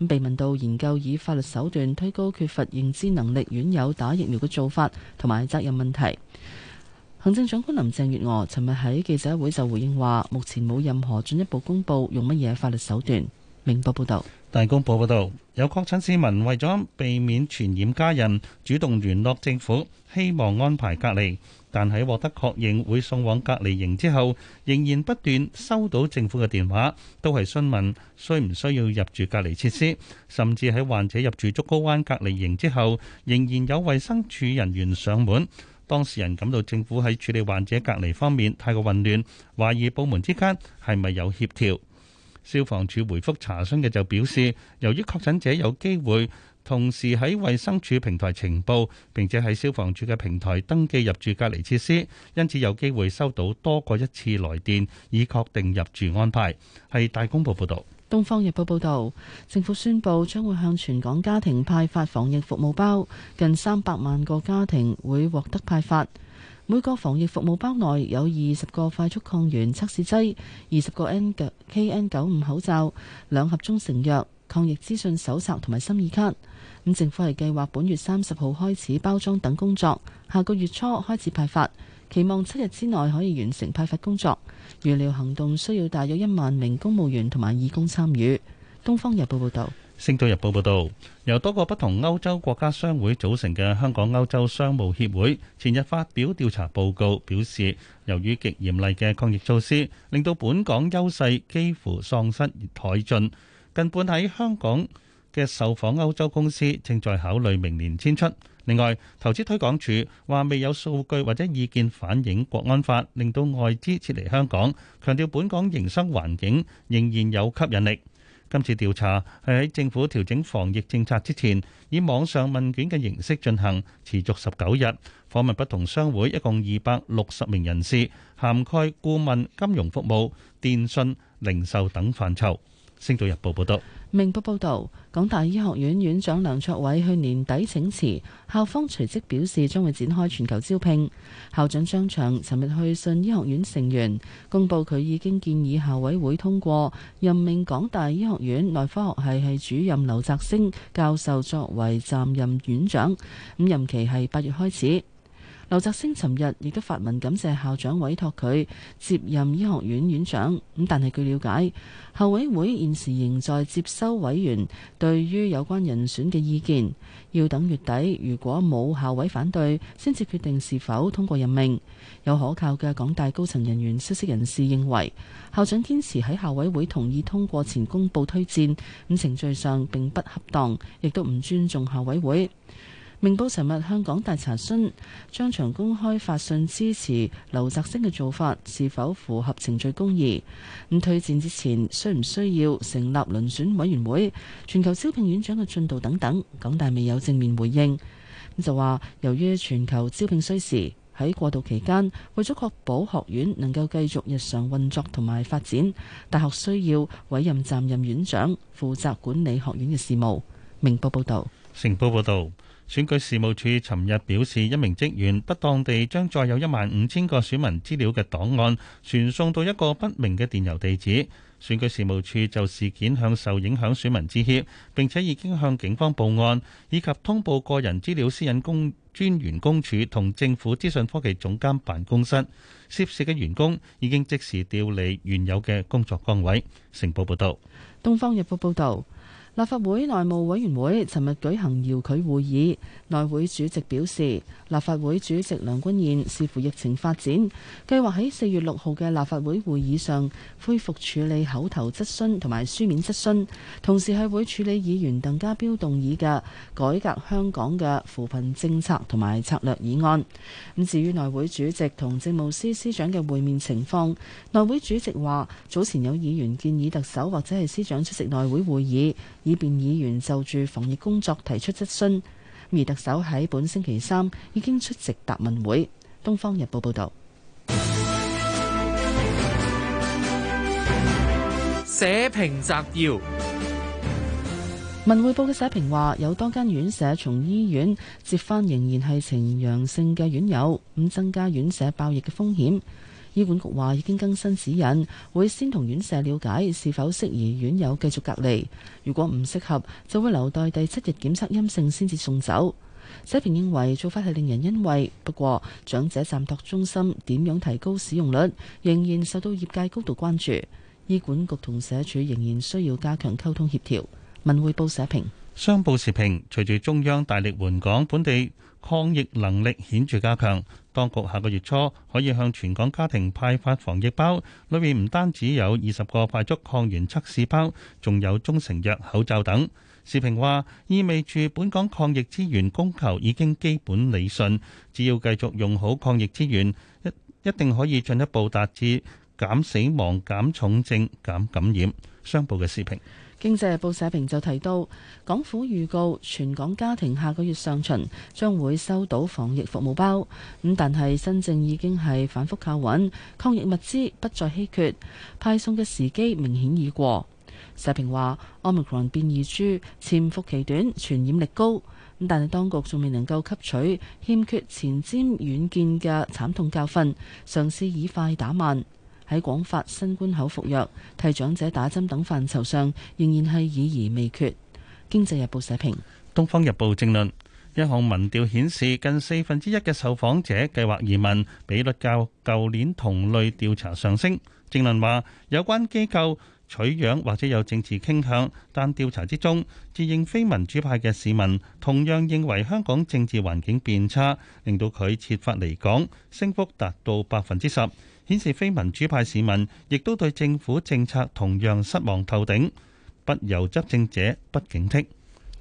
咁被問到研究以法律手段推高缺乏認知能力院友打疫苗嘅做法同埋責任問題。行政長官林鄭月娥尋日喺記者會就回應話，目前冇任何進一步公布用乜嘢法律手段。明報報道，大公報報道，有確診市民為咗避免傳染家人，主動聯絡政府，希望安排隔離。但喺獲得確認會送往隔離營之後，仍然不斷收到政府嘅電話，都係詢問需唔需要入住隔離設施，甚至喺患者入住竹篙灣隔離營之後，仍然有衛生署人員上門。當事人感到政府喺處理患者隔離方面太過混亂，懷疑部門之間係咪有協調？消防處回覆查詢嘅就表示，由於確診者有機會同時喺衛生署平台呈報，並且喺消防處嘅平台登記入住隔離設施，因此有機會收到多過一次來電，以確定入住安排。係大公報報導。《東方日報》報導，政府宣布將會向全港家庭派發防疫服務包，近三百萬個家庭會獲得派發。每個防疫服務包內有二十個快速抗原測試劑、二十個 N KN 九五口罩、兩盒中成藥、抗疫資訊搜集同埋心意卡。咁政府係計劃本月三十號開始包裝等工作，下個月初開始派發，期望七日之內可以完成派發工作。預料行動需要大約一萬名公務員同埋義工參與。《東方日報》報道，《星島日報》報道，由多個不同歐洲國家商會組成嘅香港歐洲商務協會前日發表調查報告，表示由於極嚴厲嘅抗疫措施，令到本港優勢幾乎喪失殆盡。近半喺香港嘅受訪歐洲公司正在考慮明年遷出。另外，投資推廣署話未有數據或者意見反映國安法令到外資撤離香港，強調本港營商環境仍然有吸引力。今次調查係喺政府調整防疫政策之前，以網上問卷嘅形式進行，持續十九日，訪問不同商會，一共二百六十名人士，涵蓋顧問、金融服務、電信、零售等範疇。星島日報報道。明報報道，港大醫學院院長梁卓偉去年底請辭，校方隨即表示將會展開全球招聘。校長張翔尋日去信醫學院成員，公布佢已經建議校委會通過任命港大醫學院內科學系系主任劉澤星教授作為暫任院長，咁任期係八月開始。劉澤星尋日亦都發文感謝校長委託佢接任醫學院院長，咁但係據了解，校委會現時仍在接收委員對於有關人選嘅意見，要等月底，如果冇校委反對，先至決定是否通過任命。有可靠嘅港大高層人員消息人士認為，校長堅持喺校委會同意通過前公布推薦，咁程序上並不恰當，亦都唔尊重校委會。明報尋日向港大查詢，張長公開發信支持劉澤星嘅做法是否符合程序公義？咁推薦之前需唔需要成立遴選委員會？全球招聘院長嘅進度等等，港大未有正面回應。咁就話，由於全球招聘需時喺過渡期間，為咗確保學院能夠繼續日常運作同埋發展，大學需要委任暫任院長負責管理學院嘅事務。明報報道，成報報道。選舉事務處尋日表示，一名職員不當地將再有一萬五千個選民資料嘅檔案傳送到一個不明嘅電郵地址。選舉事務處就事件向受影響選民致歉，並且已經向警方報案，以及通報個人資料私隱公專員公署同政府資訊科技總監辦公室。涉事嘅員工已經即時調離原有嘅工作崗位。成報報道。東方日報報道。立法會內務委員會尋日舉行遙距會議。內會主席表示，立法會主席梁君彥視乎疫情發展，計劃喺四月六號嘅立法會會議上恢復處理口頭質詢同埋書面質詢，同時係會處理議員鄧家彪動議嘅改革香港嘅扶貧政策同埋策略議案。咁至於內會主席同政務司司長嘅會面情況，內會主席話早前有議員建議特首或者係司長出席內會會議，以便議員就住防疫工作提出質詢。而特首喺本星期三已經出席答問會，《東方日報》報導。社評摘要：文匯報嘅社評話，有多間院舍從醫院接返仍然係呈陽性嘅院友，咁增加院舍爆疫嘅風險。醫管局話已經更新指引，會先同院舍了解是否適宜院友繼續隔離，如果唔適合，就會留待第七日檢測陰性先至送走。社評認為做法係令人欣慰，不過長者暫託中心點樣提高使用率，仍然受到業界高度關注。醫管局同社署仍然需要加強溝通協調。文匯報社評。商報時評，隨住中央大力援港，本地抗疫能力顯著加強，當局下個月初可以向全港家庭派發防疫包，裏面唔單止有二十個快速抗原測試包，仲有中成藥、口罩等。時評話，意味住本港抗疫資源供求已經基本理順，只要繼續用好抗疫資源，一一定可以進一步達至減死亡、減重症、減感染。商報嘅時評。經濟日報社評就提到，港府預告全港家庭下個月上旬將會收到防疫服務包，咁但係新政已經係反覆靠穩，抗疫物資不再稀缺，派送嘅時機明顯已過。社評話，Omicron 變異株潛伏期短，傳染力高，但係當局仲未能夠吸取欠缺前瞻遠見嘅慘痛教訓，嘗試以快打慢。喺廣發新冠口服藥、替長者打針等範疇上，仍然係議而未決。經濟日報社評。《東方日報》政論：，一項民調顯示，近四分之一嘅受訪者計劃移民，比率較舊年同類調查上升。政論話，有關機構取樣或者有政治傾向，但調查之中，自認非民主派嘅市民，同樣認為香港政治環境變差，令到佢設法離港，升幅達到百分之十。顯示非民主派市民亦都對政府政策同樣失望透頂，不由執政者不警惕。《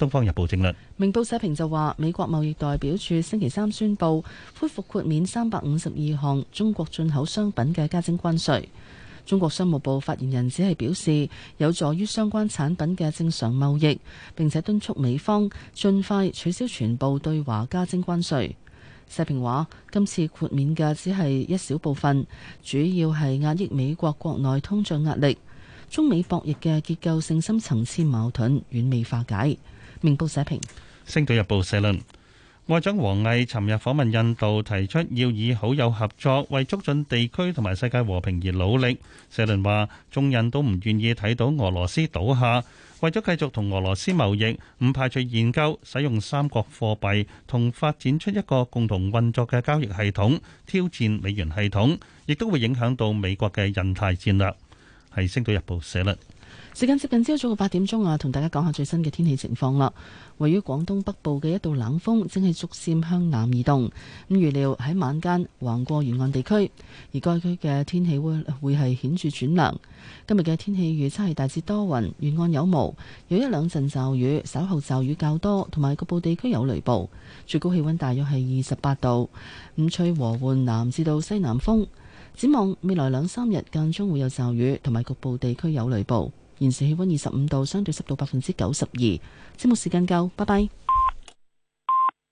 東方日報》正論：，明報社評就話：美國貿易代表處星期三宣布恢復豁免三百五十二項中國進口商品嘅加徵關稅。中國商務部發言人只係表示有助於相關產品嘅正常貿易，並且敦促美方盡快取消全部對華加徵關稅。社評話：今次豁免嘅只係一小部分，主要係壓抑美國國內通脹壓力。中美博弈嘅結構性深層次矛盾遠未化解。明報社評，星島日報社論：外長王毅尋日訪問印度，提出要以好友合作為促進地區同埋世界和平而努力。社論話：眾人都唔願意睇到俄羅斯倒下。為咗繼續同俄羅斯貿易，唔排除研究使用三國貨幣同發展出一個共同運作嘅交易系統，挑戰美元系統，亦都會影響到美國嘅印太戰略。係星島日報寫啦。時間接近朝早嘅八點鐘啊，同大家講下最新嘅天氣情況啦。位於廣東北部嘅一道冷風正係逐漸向南移動，咁預料喺晚間橫過沿岸地區，而該區嘅天氣會會係顯著轉涼。今日嘅天氣預測係大致多雲，沿岸有霧，有一兩陣驟雨，稍後驟雨較多，同埋局部地區有雷暴。最高氣温大約係二十八度五，吹和緩南至到西南風。展望未來兩三日，間中會有驟雨同埋局部地區有雷暴。現時氣溫二十五度，相對濕度百分之九十二。節目時間夠，拜拜。